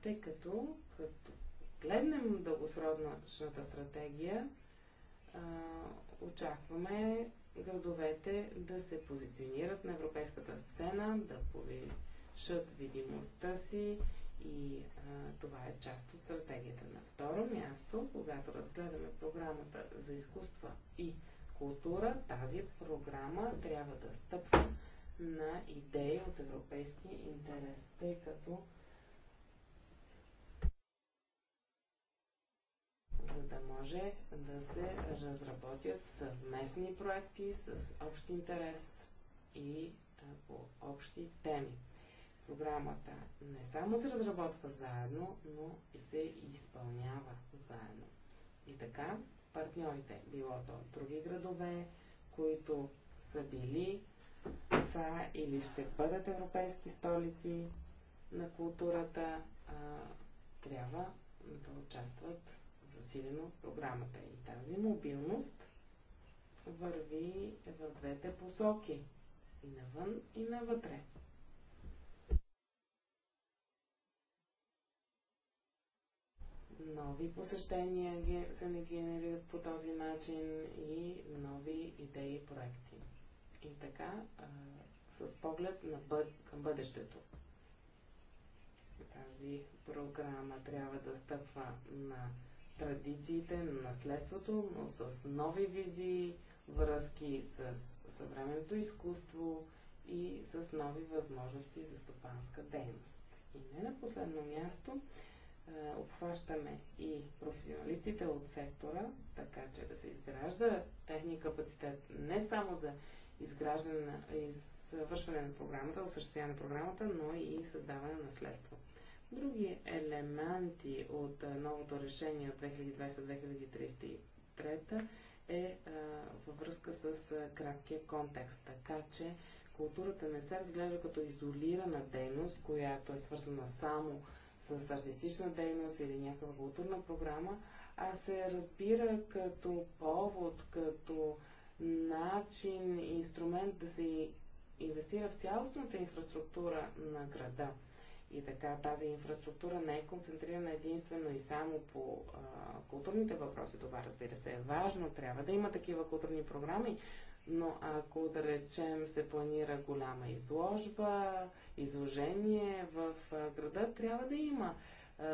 Тъй като, като гледнем дългосрочната стратегия, очакваме градовете да се позиционират на европейската сцена, да повишат видимостта си и а, това е част от стратегията. На второ място, когато разгледаме програмата за изкуства и култура, тази програма трябва да стъпва на идеи от европейски интерес, тъй като за да може да се разработят съвместни проекти с общ интерес и по общи теми. Програмата не само се разработва заедно, но и се изпълнява заедно. И така, партньорите, било то други градове, които са били, са или ще бъдат европейски столици на културата, а, трябва да участват засилено в програмата. И тази мобилност върви в двете посоки. И навън, и навътре. нови посещения се не генерират по този начин и нови идеи и проекти. И така, а, с поглед на бъд, към бъдещето. Тази програма трябва да стъпва на традициите, на наследството, но с нови визии, връзки с съвременното изкуство и с нови възможности за стопанска дейност. И не на последно място, е, обхващаме и професионалистите от сектора, така че да се изгражда техния капацитет не само за изграждане на, извършване на програмата, осъществяване на програмата, но и създаване на наследство. Други елементи от е, новото решение от 2020-2033 е във връзка с кратския контекст. Така че културата не се разглежда като изолирана дейност, която е свързана само с артистична дейност или някаква културна програма, а се разбира като повод, като начин, инструмент да се инвестира в цялостната инфраструктура на града. И така тази инфраструктура не е концентрирана единствено и само по а, културните въпроси. Това, разбира се, е важно. Трябва да има такива културни програми, но ако да речем се планира голяма изложба, изложение в града, трябва да има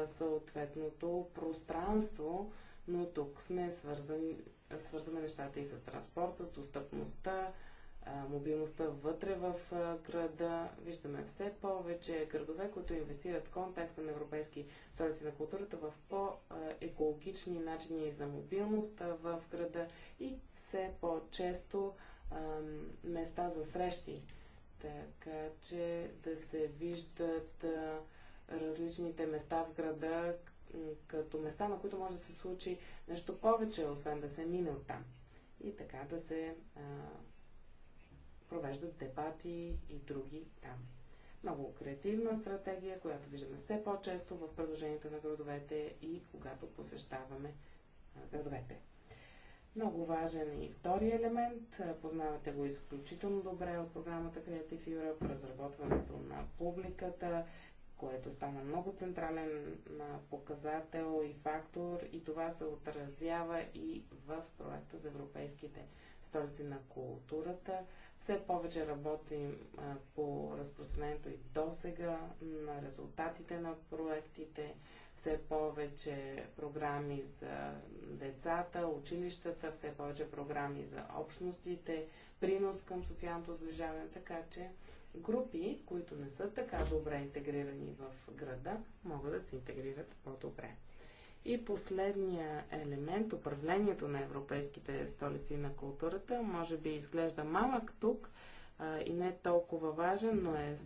съответното пространство, но тук сме свързани, свързваме нещата и с транспорта, с достъпността, мобилността вътре в града. Виждаме все повече градове, които инвестират в контекста на европейски столици на културата в по-екологични начини за мобилност в града и все по-често места за срещи. Така че да се виждат различните места в града като места, на които може да се случи нещо повече, освен да се мине оттам. И така да се провеждат дебати и други там. Много креативна стратегия, която виждаме все по-често в предложенията на градовете и когато посещаваме градовете. Много важен е и втори елемент. Познавате го изключително добре от програмата Creative Europe, разработването на публиката, което стана много централен показател и фактор и това се отразява и в проекта за европейските столици на културата. Все повече работим а, по разпространението и досега на резултатите на проектите, все повече програми за децата, училищата, все повече програми за общностите, принос към социалното сближаване, така че групи, които не са така добре интегрирани в града, могат да се интегрират по-добре. И последния елемент, управлението на европейските столици на културата, може би изглежда малък тук а, и не е толкова важен, но е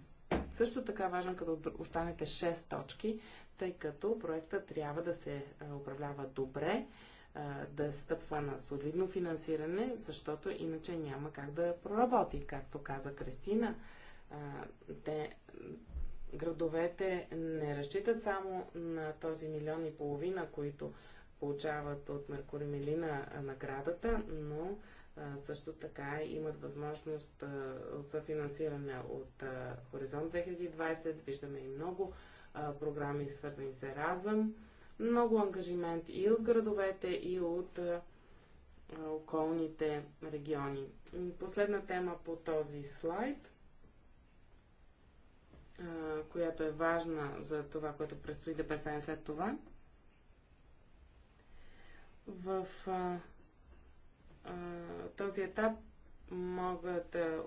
също така важен като останете 6 точки, тъй като проекта трябва да се управлява добре, да стъпва на солидно финансиране, защото иначе няма как да проработи. Както каза Кристина, те градовете не разчитат само на този милион и половина, които получават от Меркурий Мелина наградата, но също така имат възможност от съфинансиране от Хоризонт 2020. Виждаме и много програми, свързани с Еразъм, много ангажимент и от градовете, и от околните региони. Последна тема по този слайд – която е важна за това, което предстои да представим след това. В а, а, този етап могат да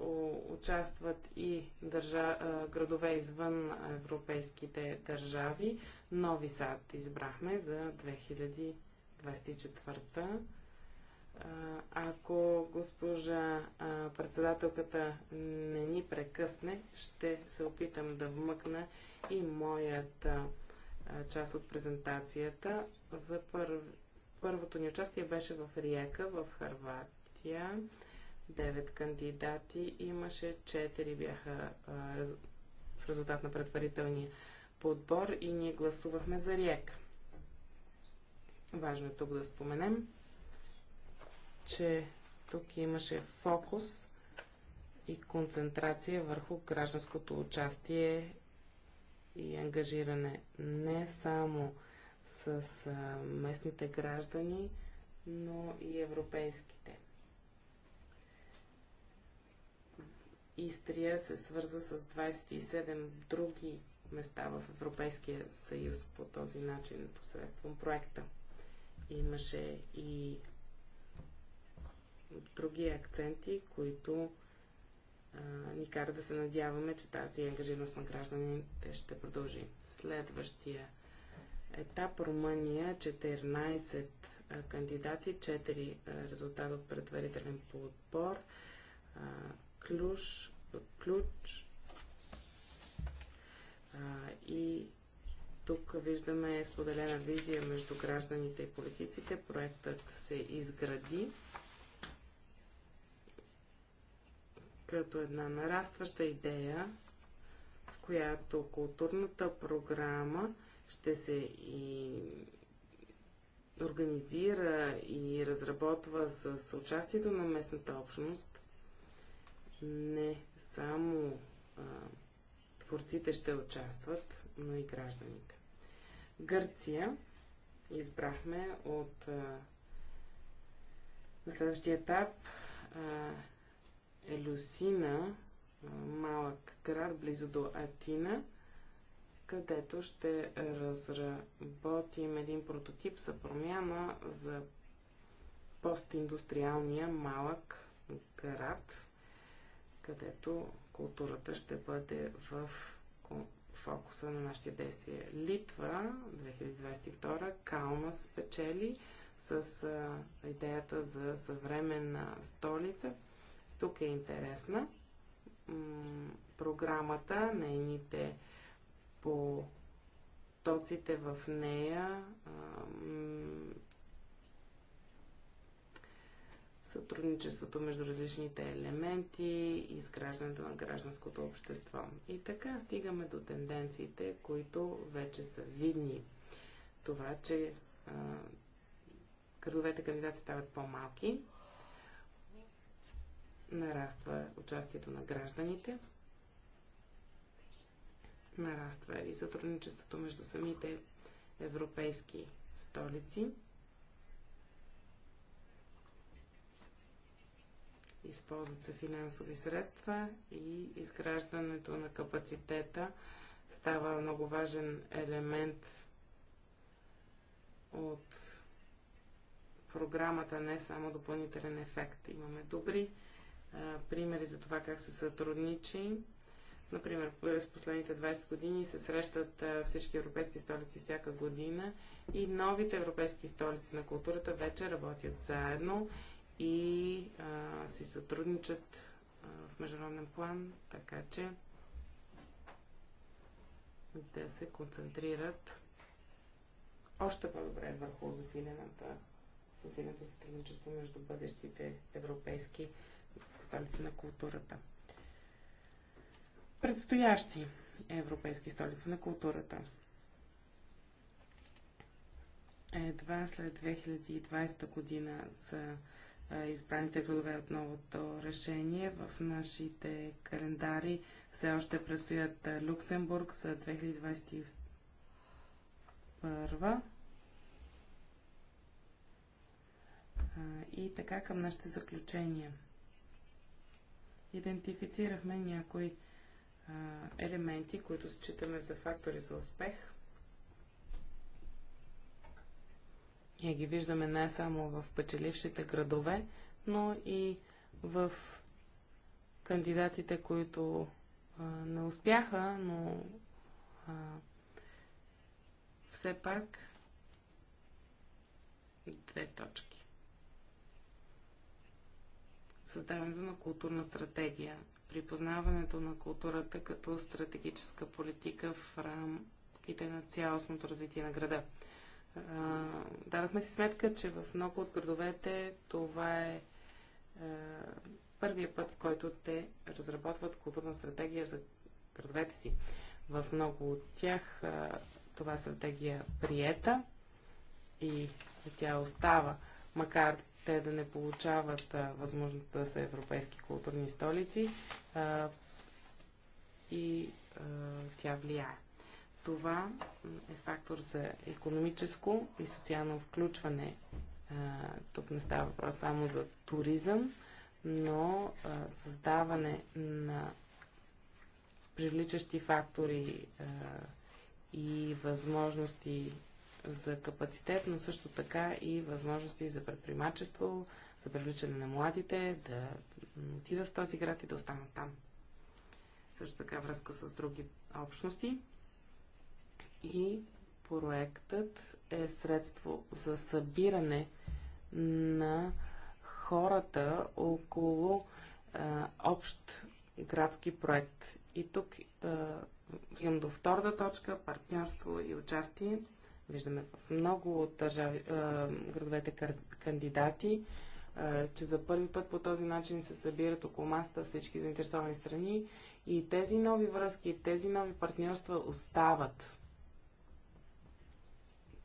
участват и държа, а, градове извън европейските държави. Нови сад избрахме за 2024 ако госпожа председателката не ни прекъсне, ще се опитам да вмъкна и моята част от презентацията. За първ... първото ни участие беше в Риека, в Харватия. Девет кандидати имаше, четири бяха в резултат на предварителния подбор и ние гласувахме за Риека. Важно е тук да споменем, че тук имаше фокус и концентрация върху гражданското участие и ангажиране не само с местните граждани, но и европейските. Истрия се свърза с 27 други места в Европейския съюз по този начин, посредством проекта. Имаше и други акценти, които а, ни карат да се надяваме, че тази ангажираност на гражданите ще продължи. Следващия етап Румъния 14 кандидати, 4 резултата от предварителен подбор, ключ, ключ и тук виждаме споделена визия между гражданите и политиците. Проектът се изгради като една нарастваща идея, в която културната програма ще се и организира и разработва с участието на местната общност. Не само а, творците ще участват, но и гражданите. Гърция избрахме от а, на следващия етап а, Елюсина, малък град близо до Атина, където ще разработим един прототип за промяна за постиндустриалния малък град, където културата ще бъде в фокуса на нашите действия. Литва 2022 Калма спечели с идеята за съвременна столица, тук е интересна програмата, нейните потоците в нея, сътрудничеството между различните елементи и изграждането на гражданското общество. И така стигаме до тенденциите, които вече са видни. Това, че а, градовете кандидати стават по-малки, нараства участието на гражданите, нараства и сътрудничеството между самите европейски столици. Използват се финансови средства и изграждането на капацитета става много важен елемент от програмата, не само допълнителен ефект. Имаме добри примери за това как се сътрудничи. Например, през последните 20 години се срещат всички европейски столици всяка година и новите европейски столици на културата вече работят заедно и а, си сътрудничат а, в международен план, така че да се концентрират още по-добре върху засилената, засиленото сътрудничество между бъдещите европейски столица на културата. Предстоящи европейски столици на културата. Едва след 2020 година са избраните градове от новото решение. В нашите календари все още предстоят Люксембург за 2021. И така към нашите заключения идентифицирахме някои а, елементи, които считаме за фактори за успех. Ние ги виждаме не само в печелившите градове, но и в кандидатите, които а, не успяха, но а, все пак две точки създаването на културна стратегия, припознаването на културата като стратегическа политика в рамките на цялостното развитие на града. Дадахме си сметка, че в много от градовете това е, е първия път, в който те разработват културна стратегия за градовете си. В много от тях това стратегия е приета и тя остава, макар те да не получават а, възможността да са европейски културни столици а, и а, тя влияе. Това е фактор за економическо и социално включване. А, тук не става въпрос само за туризъм, но а, създаване на привличащи фактори а, и възможности за капацитет, но също така и възможности за предприемачество, за привличане на младите, да отидат в този град и да останат там. Също така връзка с други общности. И проектът е средство за събиране на хората около а, общ градски проект. И тук а, имам до втората точка партньорство и участие. Виждаме в много от държави, градовете кандидати, че за първи път по този начин се събират около масата всички заинтересовани страни и тези нови връзки, тези нови партньорства остават.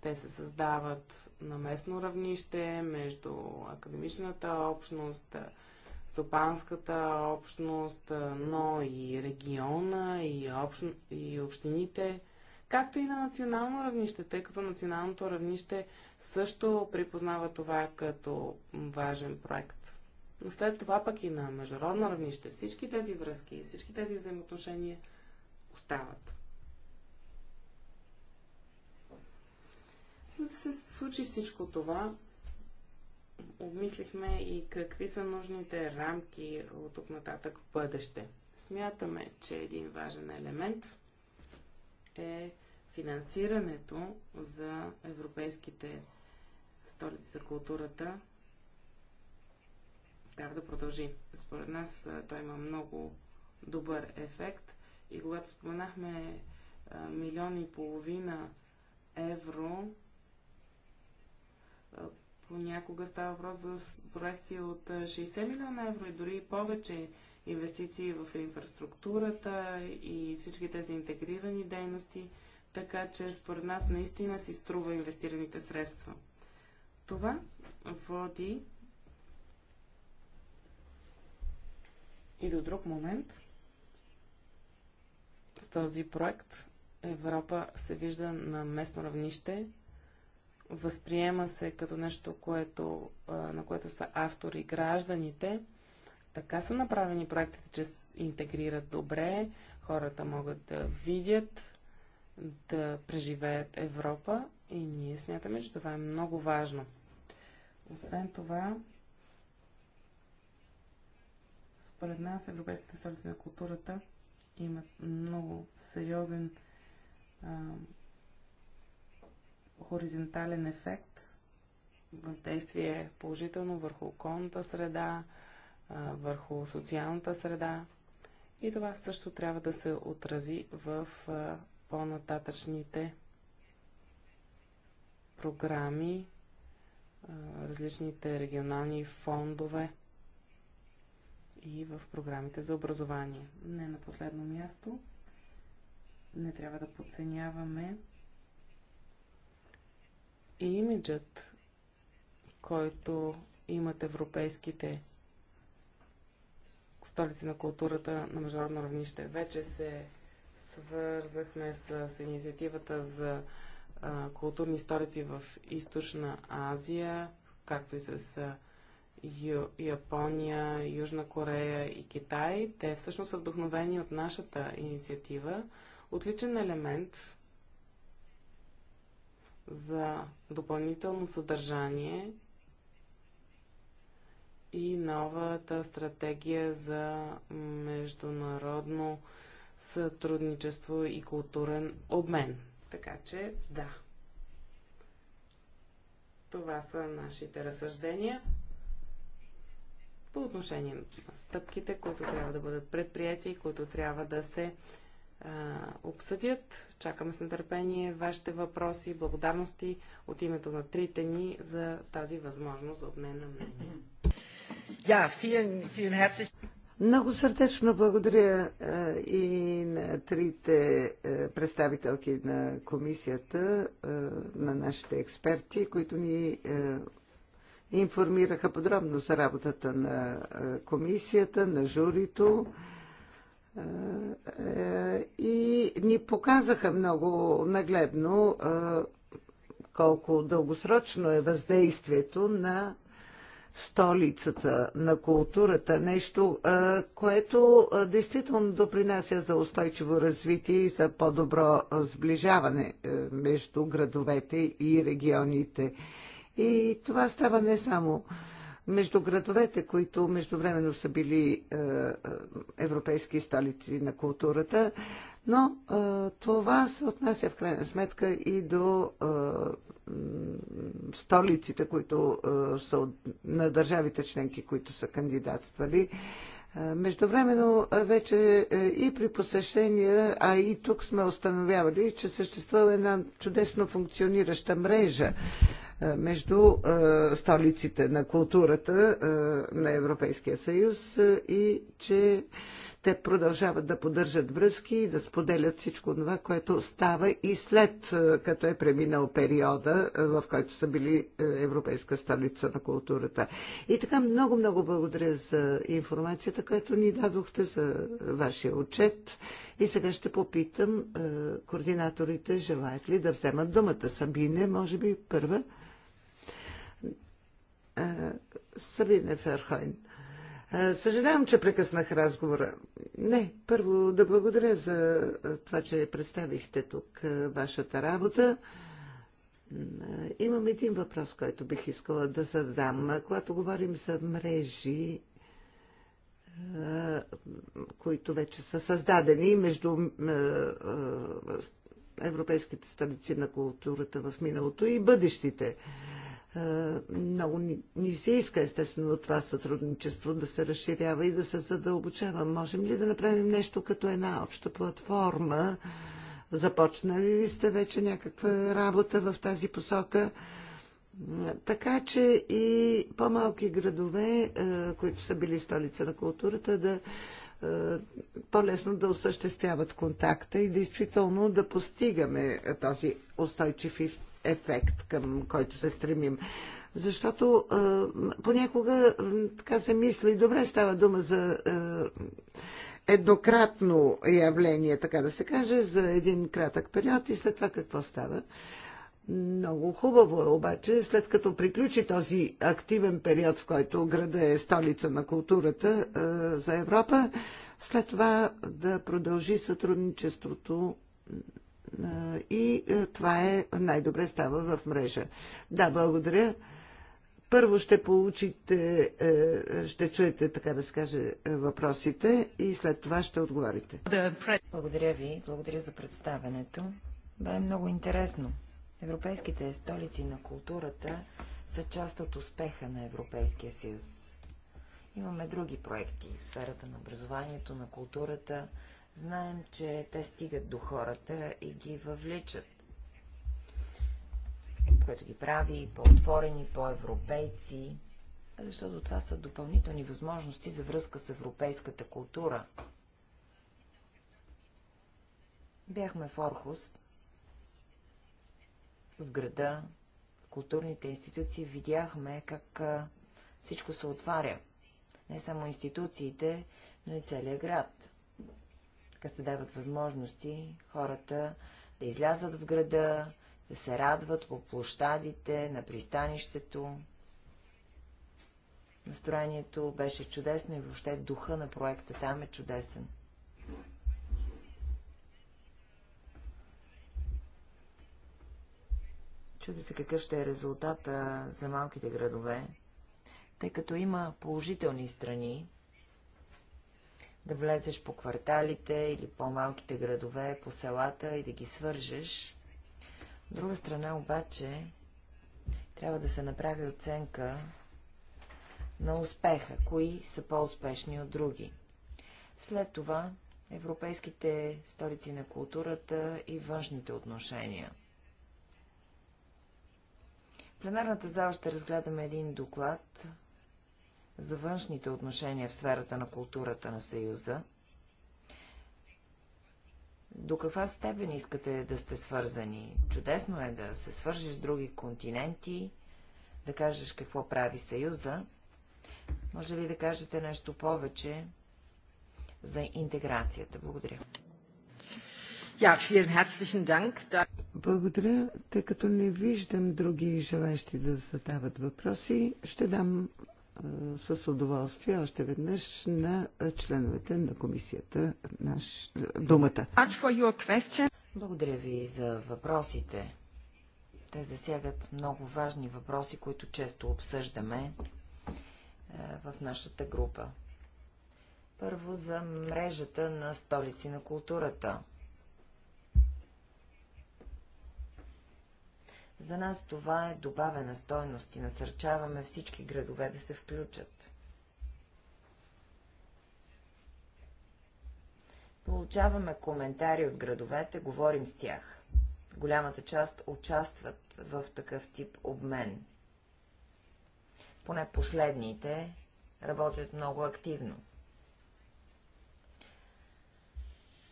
Те се създават на местно равнище, между академичната общност, стопанската общност, но и региона, и, общ... и общините както и на национално равнище, тъй като националното равнище също припознава това като важен проект. Но след това пък и на международно равнище всички тези връзки, всички тези взаимоотношения остават. За да се случи всичко това, обмислихме и какви са нужните рамки от тук нататък в бъдеще. Смятаме, че е един важен елемент е финансирането за европейските столици за културата трябва да продължи. Според нас той има много добър ефект и когато споменахме милион и половина евро, понякога става въпрос за проекти от 60 милиона евро и дори повече инвестиции в инфраструктурата и всички тези интегрирани дейности, така че според нас наистина си струва инвестираните средства. Това води и до друг момент. С този проект Европа се вижда на местно равнище, възприема се като нещо, което, на което са автори гражданите – така са направени проектите, че интегрират добре, хората могат да видят, да преживеят Европа и ние смятаме, че това е много важно. Освен това, според нас Европейските столици на културата имат много сериозен а, хоризонтален ефект, въздействие положително върху околната среда, върху социалната среда. И това също трябва да се отрази в по-нататъчните програми, различните регионални фондове и в програмите за образование. Не на последно място, не трябва да подценяваме и имиджът, който имат европейските столици на културата на международно равнище. Вече се свързахме с, с инициативата за а, културни столици в Източна Азия, както и с а, Ю, Япония, Южна Корея и Китай. Те всъщност са вдохновени от нашата инициатива. Отличен елемент за допълнително съдържание – и новата стратегия за международно сътрудничество и културен обмен. Така че, да. Това са нашите разсъждения по отношение на стъпките, които трябва да бъдат предприяти и които трябва да се а, обсъдят. Чакаме с нетърпение вашите въпроси и благодарности от името на трите ни за тази възможност за обмен на мнение. Много сърдечно благодаря и на трите представителки на комисията, на нашите експерти, които ни информираха подробно за работата на комисията, на журито и ни показаха много нагледно колко дългосрочно е въздействието на столицата на културата, нещо, което действително допринася за устойчиво развитие и за по-добро сближаване е, между градовете и регионите. И това става не само между градовете, които междувременно са били е, е, европейски столици на културата, но а, това се отнася в крайна сметка и до а, столиците, които а, са на държавите членки, които са кандидатствали. Междувременно вече и при посещения, а и тук сме установявали, че съществува една чудесно функционираща мрежа между столиците на културата на Европейския съюз и че те продължават да поддържат връзки и да споделят всичко това, което става и след е, като е преминал периода, е, в който са били е, Европейска столица на културата. И така много-много благодаря за информацията, която ни дадохте за вашия отчет. И сега ще попитам координаторите, желаят ли да вземат думата. Сабине, може би първа. Сабине Ферхойн. Съжалявам, че прекъснах разговора. Не, първо да благодаря за това, че представихте тук вашата работа. Имам един въпрос, който бих искала да задам. Когато говорим за мрежи, които вече са създадени между европейските столици на културата в миналото и бъдещите е, много ни се иска, естествено, това сътрудничество да се разширява и да се задълбочава. Можем ли да направим нещо като една обща платформа? Започнали ли сте вече някаква работа в тази посока? Така че и по-малки градове, е, които са били столица на културата, да е, по-лесно да осъществяват контакта и действително да постигаме този устойчив ефект, към който се стремим. Защото понякога така се мисли, добре става дума за еднократно явление, така да се каже, за един кратък период и след това какво става. Много хубаво е обаче, след като приключи този активен период, в който града е столица на културата а, за Европа, след това да продължи сътрудничеството и е, това е най-добре става в мрежа. Да, благодаря. Първо ще получите, е, ще чуете, така да се каже, въпросите и след това ще отговорите. Благодаря ви. Благодаря за представенето. Бе много интересно. Европейските столици на културата са част от успеха на Европейския съюз. Имаме други проекти в сферата на образованието, на културата, Знаем, че те стигат до хората и ги въвличат, което ги прави по-отворени, по-европейци, защото това са допълнителни възможности за връзка с европейската култура. Бяхме в Орхус, в града, в културните институции, видяхме как всичко се отваря. Не само институциите, но и целият град. Така се дават възможности хората да излязат в града, да се радват по площадите, на пристанището. Настроението беше чудесно и въобще духа на проекта там е чудесен. Чуда се какъв ще е резултата за малките градове, тъй като има положителни страни, да влезеш по кварталите или по-малките градове, по селата и да ги свържеш. От друга страна обаче трябва да се направи оценка на успеха, кои са по-успешни от други. След това европейските столици на културата и външните отношения. В пленарната зала ще разгледаме един доклад за външните отношения в сферата на културата на Съюза. До каква степен искате да сте свързани? Чудесно е да се свържеш с други континенти, да кажеш какво прави Съюза. Може ли да кажете нещо повече за интеграцията? Благодаря. Ja, vielen herzlichen Dank. Da... Благодаря. Тъй като не виждам други желащи да задават въпроси, ще дам с удоволствие още веднъж на членовете на комисията наш, думата. Благодаря ви за въпросите. Те засягат много важни въпроси, които често обсъждаме е, в нашата група. Първо за мрежата на столици на културата – За нас това е добавена стойност и насърчаваме всички градове да се включат. Получаваме коментари от градовете, говорим с тях. Голямата част участват в такъв тип обмен. Поне последните работят много активно.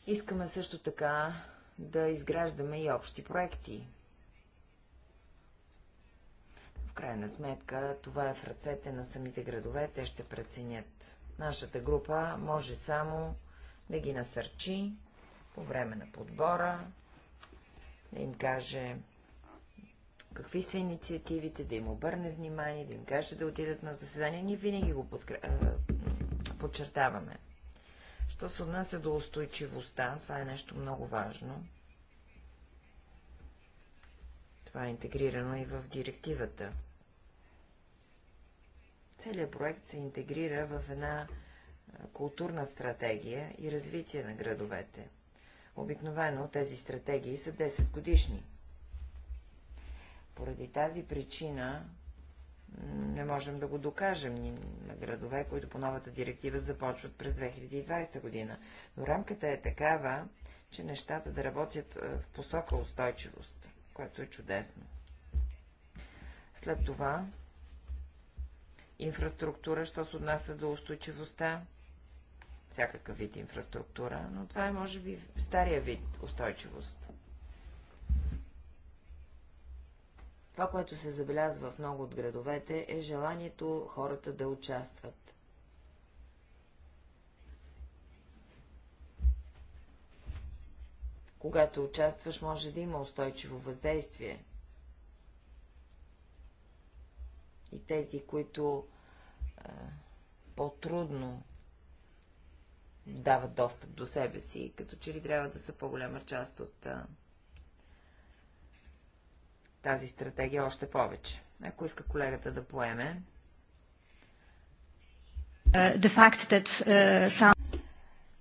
Искаме също така да изграждаме и общи проекти, крайна сметка това е в ръцете на самите градове, те ще преценят. Нашата група може само да ги насърчи по време на подбора, да им каже какви са инициативите, да им обърне внимание, да им каже да отидат на заседание. Ние винаги го подкр... подчертаваме. Що се отнася до устойчивостта, това е нещо много важно. Това е интегрирано и в директивата. Целият проект се интегрира в една културна стратегия и развитие на градовете. Обикновено тези стратегии са 10 годишни. Поради тази причина не можем да го докажем ни на градове, които по новата директива започват през 2020 година. Но рамката е такава, че нещата да работят в посока устойчивост което е чудесно. След това инфраструктура, що се отнася до устойчивостта, всякакъв вид инфраструктура, но това е, може би, стария вид устойчивост. Това, което се забелязва в много от градовете, е желанието хората да участват. когато участваш, може да има устойчиво въздействие. И тези, които е, по-трудно дават достъп до себе си, като че ли трябва да са по-голяма част от е, тази стратегия още повече. Ако иска колегата да поеме. Uh, that, uh, some...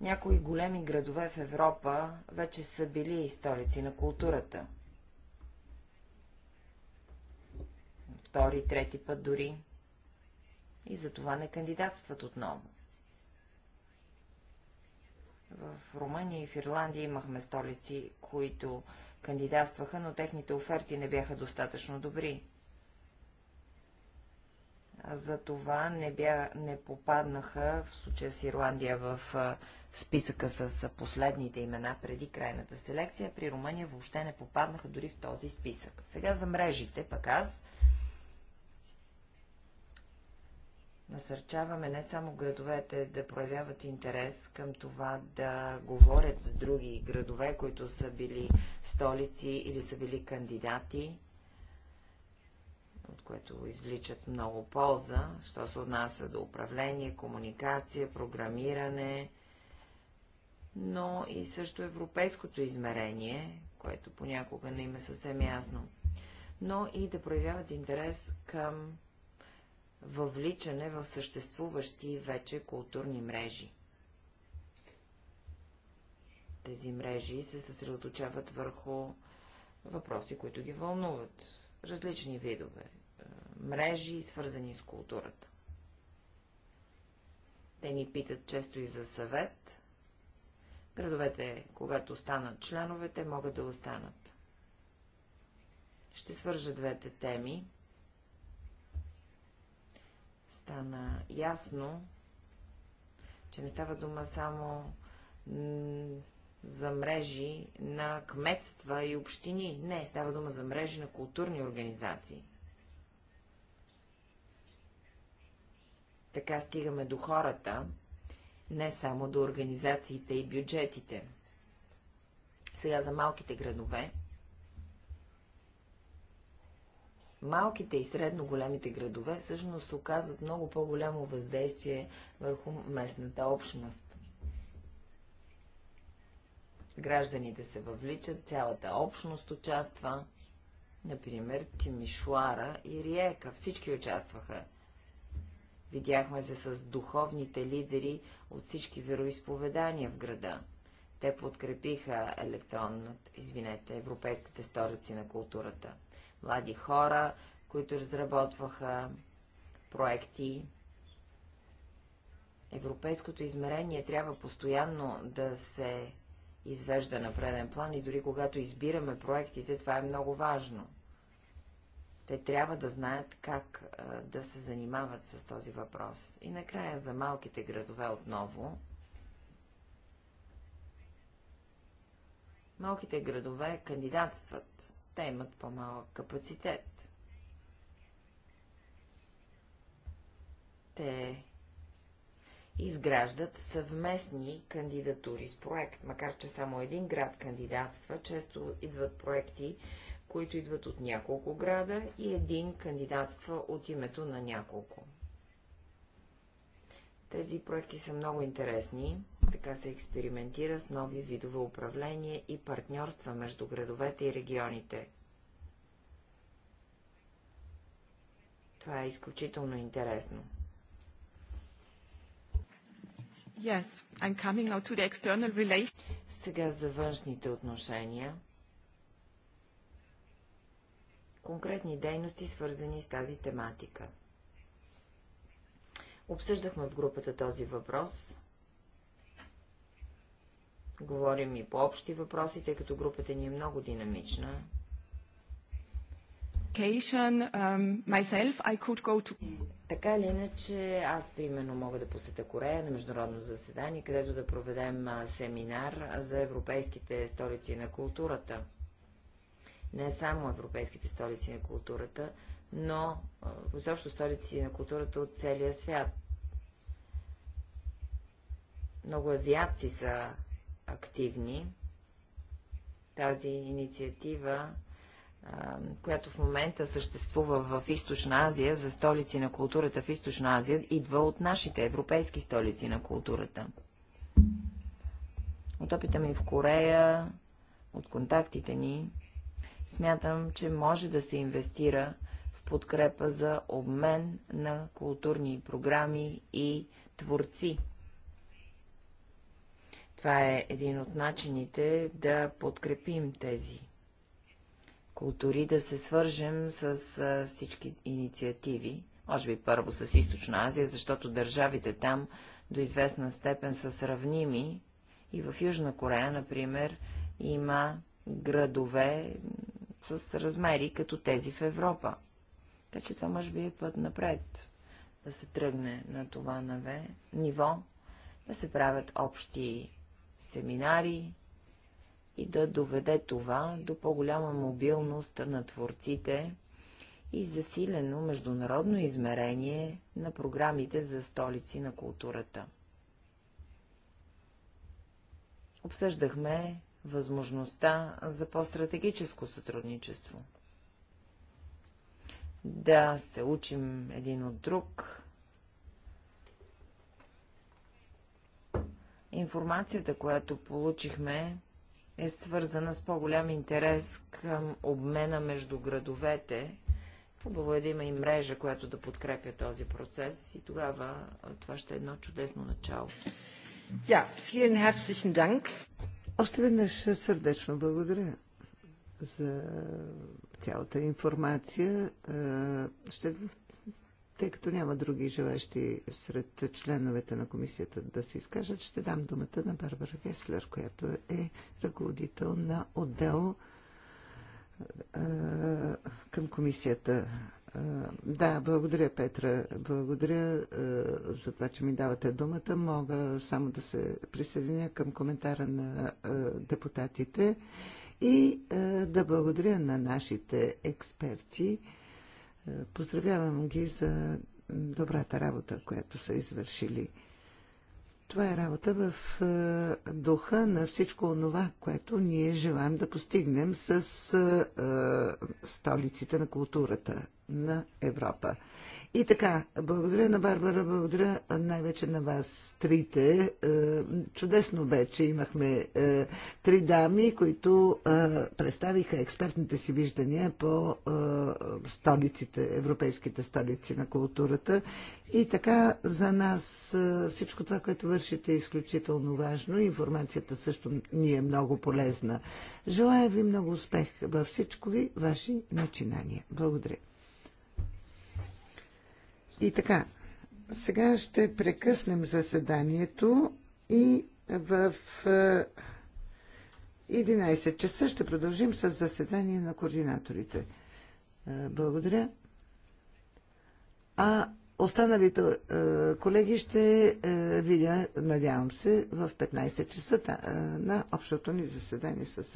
Някои големи градове в Европа вече са били столици на културата. Втори, трети път дори. И за това не кандидатстват отново. В Румъния и в Ирландия имахме столици, които кандидатстваха, но техните оферти не бяха достатъчно добри. За това не, бя, не попаднаха в случая с Ирландия в списъка с последните имена преди крайната селекция, при Румъния въобще не попаднаха дори в този списък. Сега за мрежите, пък аз насърчаваме не само градовете да проявяват интерес към това да говорят с други градове, които са били столици или са били кандидати, от което извличат много полза, що се отнася до управление, комуникация, програмиране, но и също европейското измерение, което понякога не им е съвсем ясно, но и да проявяват интерес към въвличане в съществуващи вече културни мрежи. Тези мрежи се съсредоточават върху въпроси, които ги вълнуват. Различни видове е, мрежи, свързани с културата. Те ни питат често и за съвет – Градовете, когато станат членовете, могат да останат. Ще свържа двете теми. Стана ясно, че не става дума само за мрежи на кметства и общини. Не, става дума за мрежи на културни организации. Така стигаме до хората, не само до организациите и бюджетите. Сега за малките градове. Малките и средно големите градове всъщност оказват много по-голямо въздействие върху местната общност. Гражданите се въвличат, цялата общност участва. Например, Тимишуара и Риека. Всички участваха Видяхме се с духовните лидери от всички вероисповедания в града. Те подкрепиха електронната, извинете, европейските столици на културата. Млади хора, които разработваха проекти. Европейското измерение трябва постоянно да се извежда на преден план и дори когато избираме проектите, това е много важно. Те трябва да знаят как а, да се занимават с този въпрос. И накрая за малките градове отново. Малките градове кандидатстват. Те имат по-малък капацитет. Те изграждат съвместни кандидатури с проект, макар че само един град кандидатства, често идват проекти, които идват от няколко града и един кандидатства от името на няколко. Тези проекти са много интересни, така се експериментира с нови видове управление и партньорства между градовете и регионите. Това е изключително интересно. Yes, I'm coming now to the external relations. Сега за външните отношения конкретни дейности, свързани с тази тематика. Обсъждахме в групата този въпрос. Говорим и по общи въпроси, тъй като групата ни е много динамична. Um, така или иначе, аз примерно мога да посетя Корея на международно заседание, където да проведем семинар за европейските столици на културата не само европейските столици на културата, но изобщо столици на културата от целия свят. Много азиатци са активни. Тази инициатива, която в момента съществува в Източна Азия, за столици на културата в Източна Азия, идва от нашите европейски столици на културата. От опита ми в Корея, от контактите ни, Смятам, че може да се инвестира в подкрепа за обмен на културни програми и творци. Това е един от начините да подкрепим тези култури, да се свържем с всички инициативи, може би първо с Източна Азия, защото държавите там до известна степен са сравними и в Южна Корея, например, има градове, с размери като тези в Европа. Така че това може би е път напред да се тръгне на това наве, ниво, да се правят общи семинари и да доведе това до по-голяма мобилност на творците и засилено международно измерение на програмите за столици на културата. Обсъждахме възможността за по-стратегическо сътрудничество. Да се учим един от друг. Информацията, която получихме, е свързана с по-голям интерес към обмена между градовете. Хубаво е да има и мрежа, която да подкрепя този процес и тогава това ще е едно чудесно начало. Ja, yeah, vielen herzlichen Dank. Още веднъж сърдечно благодаря за цялата информация. Ще, тъй като няма други желащи сред членовете на комисията да се изкажат, ще дам думата на Барбара Геслер, която е ръководител на отдел към комисията е, да, благодаря, Петра. Благодаря е, за това, че ми давате думата. Мога само да се присъединя към коментара на е, депутатите и да благодаря на нашите експерти. Поздравявам ги за добрата работа, която са извършили. Това е работа в духа на всичко онова, което ние желаем да постигнем с столиците на културата на Европа. И така, благодаря на Барбара, благодаря най-вече на вас трите. Е, чудесно бе, че имахме е, три дами, които е, представиха експертните си виждания по столиците, европейските столици на културата. И така, за нас всичко това, което вършите е изключително важно. Информацията също ни е много полезна. Желая ви много успех във всичко ви ваши начинания. Благодаря. И така, сега ще прекъснем заседанието и в 11 е, часа ще продължим с заседание на координаторите. Е, благодаря. А останалите е, колеги ще видя, надявам се, в 15 часа на общото ни заседание с